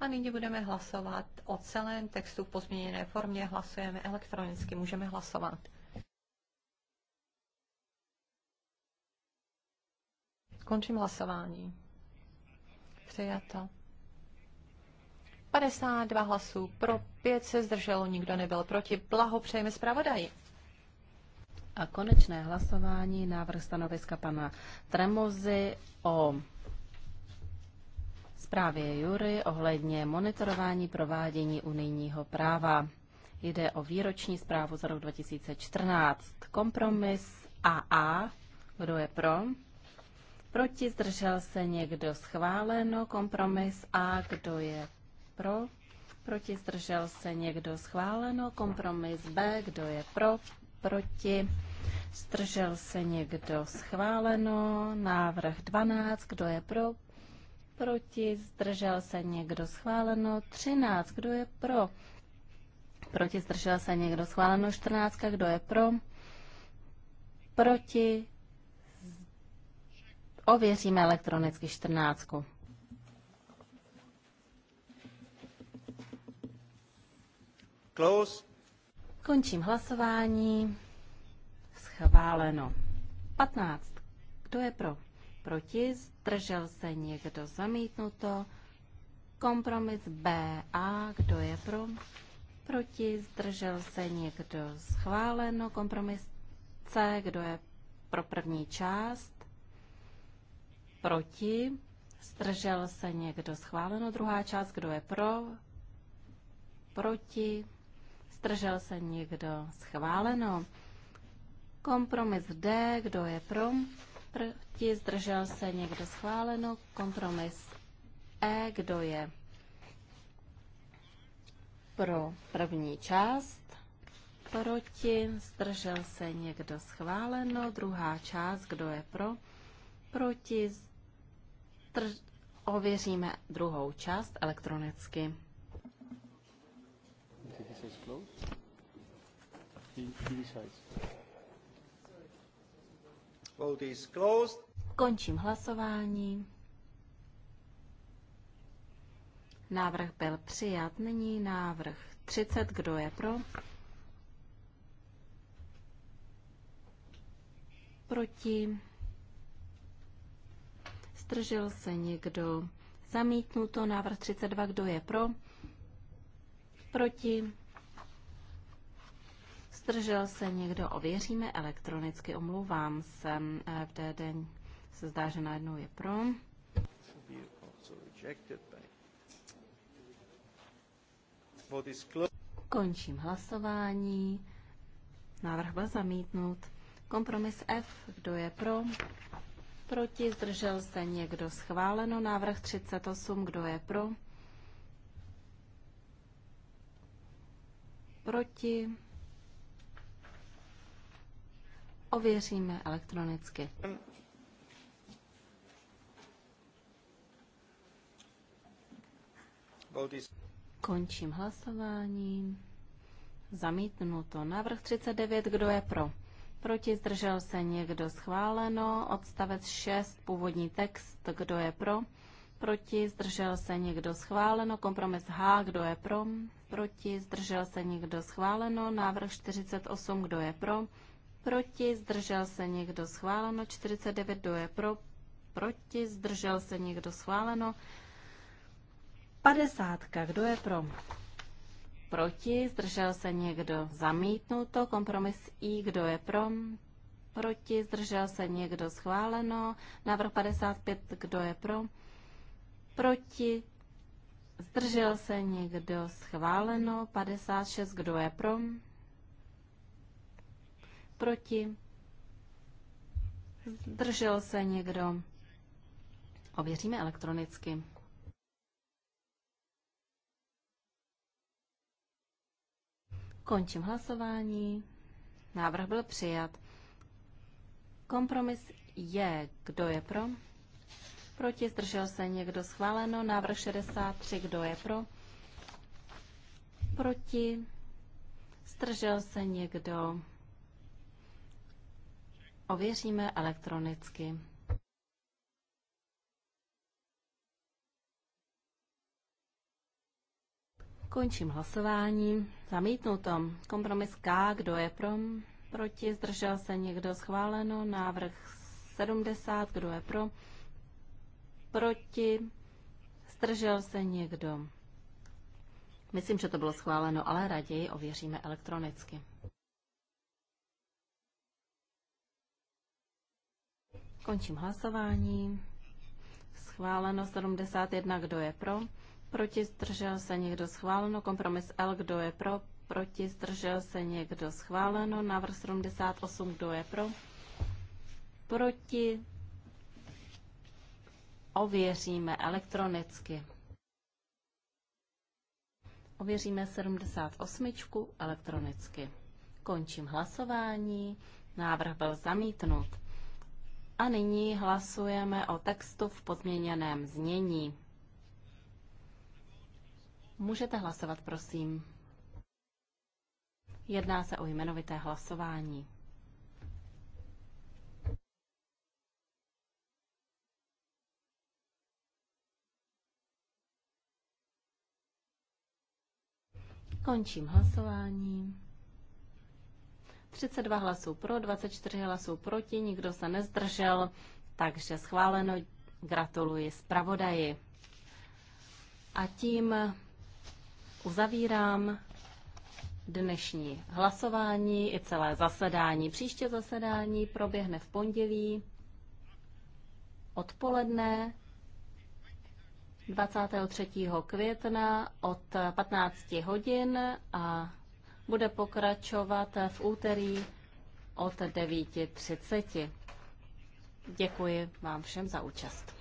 A nyní budeme hlasovat o celém textu v pozměněné formě. Hlasujeme elektronicky, můžeme hlasovat. Končím hlasování. Přijato. 52 hlasů pro, 5 se zdrželo, nikdo nebyl proti. Blahopřejeme zpravodaji. A konečné hlasování, návrh stanoviska pana Tremozy o zprávě Jury ohledně monitorování provádění unijního práva. Jde o výroční zprávu za rok 2014. Kompromis AA. Kdo je pro? Proti zdržel se někdo schváleno. Kompromis A. Kdo je pro? Proti zdržel se někdo schváleno. Kompromis B. Kdo je pro? Proti. Zdržel se někdo schváleno. Návrh 12. Kdo je pro? Proti? Zdržel se někdo? Schváleno 13. Kdo je pro? Proti? Zdržel se někdo? Schváleno 14. Kdo je pro? Proti? Ověříme elektronicky 14. Close. Končím hlasování. Schváleno. 15. Kdo je pro? proti, zdržel se někdo zamítnuto. Kompromis BA, kdo je pro, proti, zdržel se někdo schváleno. Kompromis C, kdo je pro první část, proti, zdržel se někdo schváleno. Druhá část, kdo je pro, proti, zdržel se někdo schváleno. Kompromis D, kdo je pro, proti, zdržel se někdo schváleno, kompromis E, kdo je pro první část, proti, zdržel se někdo schváleno, druhá část, kdo je pro, proti, zdrž... ověříme druhou část elektronicky. Vote is closed. Končím hlasování. Návrh byl přijat. Nyní návrh 30. Kdo je pro? Proti? Zdržel se někdo? Zamítnuto. Návrh 32. Kdo je pro? Proti? Zdržel se někdo? Ověříme elektronicky. Omlouvám se. V té den se zdá, že najednou je pro. Končím hlasování. Návrh byl zamítnut. Kompromis F. Kdo je pro? Proti? Zdržel se někdo? Schváleno. Návrh 38. Kdo je pro? Proti? ověříme elektronicky. Končím hlasování. Zamítnuto. Návrh 39. Kdo je pro? Proti zdržel se někdo schváleno. Odstavec 6. Původní text. Kdo je pro? Proti zdržel se někdo schváleno. Kompromis H. Kdo je pro? Proti zdržel se někdo schváleno. Návrh 48. Kdo je pro? proti, zdržel se někdo schváleno, 49 kdo je pro, proti, zdržel se někdo schváleno, 50 kdo je pro, proti, zdržel se někdo zamítnuto, kompromis I, kdo je pro, proti, zdržel se někdo schváleno, návrh 55 kdo je pro, proti, zdržel se někdo schváleno, 56 kdo je pro, Proti? Zdržel se někdo? Ověříme elektronicky. Končím hlasování. Návrh byl přijat. Kompromis je, kdo je pro? Proti zdržel se někdo schváleno. Návrh 63, kdo je pro? Proti zdržel se někdo Ověříme elektronicky. Končím hlasování. Zamítnuto. Kompromis K. Kdo je pro? Proti? Zdržel se někdo? Schváleno. Návrh 70. Kdo je pro? Proti? Zdržel se někdo? Myslím, že to bylo schváleno, ale raději ověříme elektronicky. Končím hlasování. Schváleno 71, kdo je pro? Proti zdržel se někdo schváleno. Kompromis L, kdo je pro? Proti zdržel se někdo schváleno. Návrh 78, kdo je pro? Proti ověříme elektronicky. Ověříme 78 elektronicky. Končím hlasování. Návrh byl zamítnut. A nyní hlasujeme o textu v podměněném znění. Můžete hlasovat, prosím. Jedná se o jmenovité hlasování. Končím hlasování. 32 hlasů pro, 24 hlasů proti, nikdo se nezdržel, takže schváleno. Gratuluji zpravodaji. A tím uzavírám dnešní hlasování i celé zasedání. Příště zasedání proběhne v pondělí odpoledne 23. května od 15 hodin a bude pokračovat v úterý od 9.30. Děkuji vám všem za účast.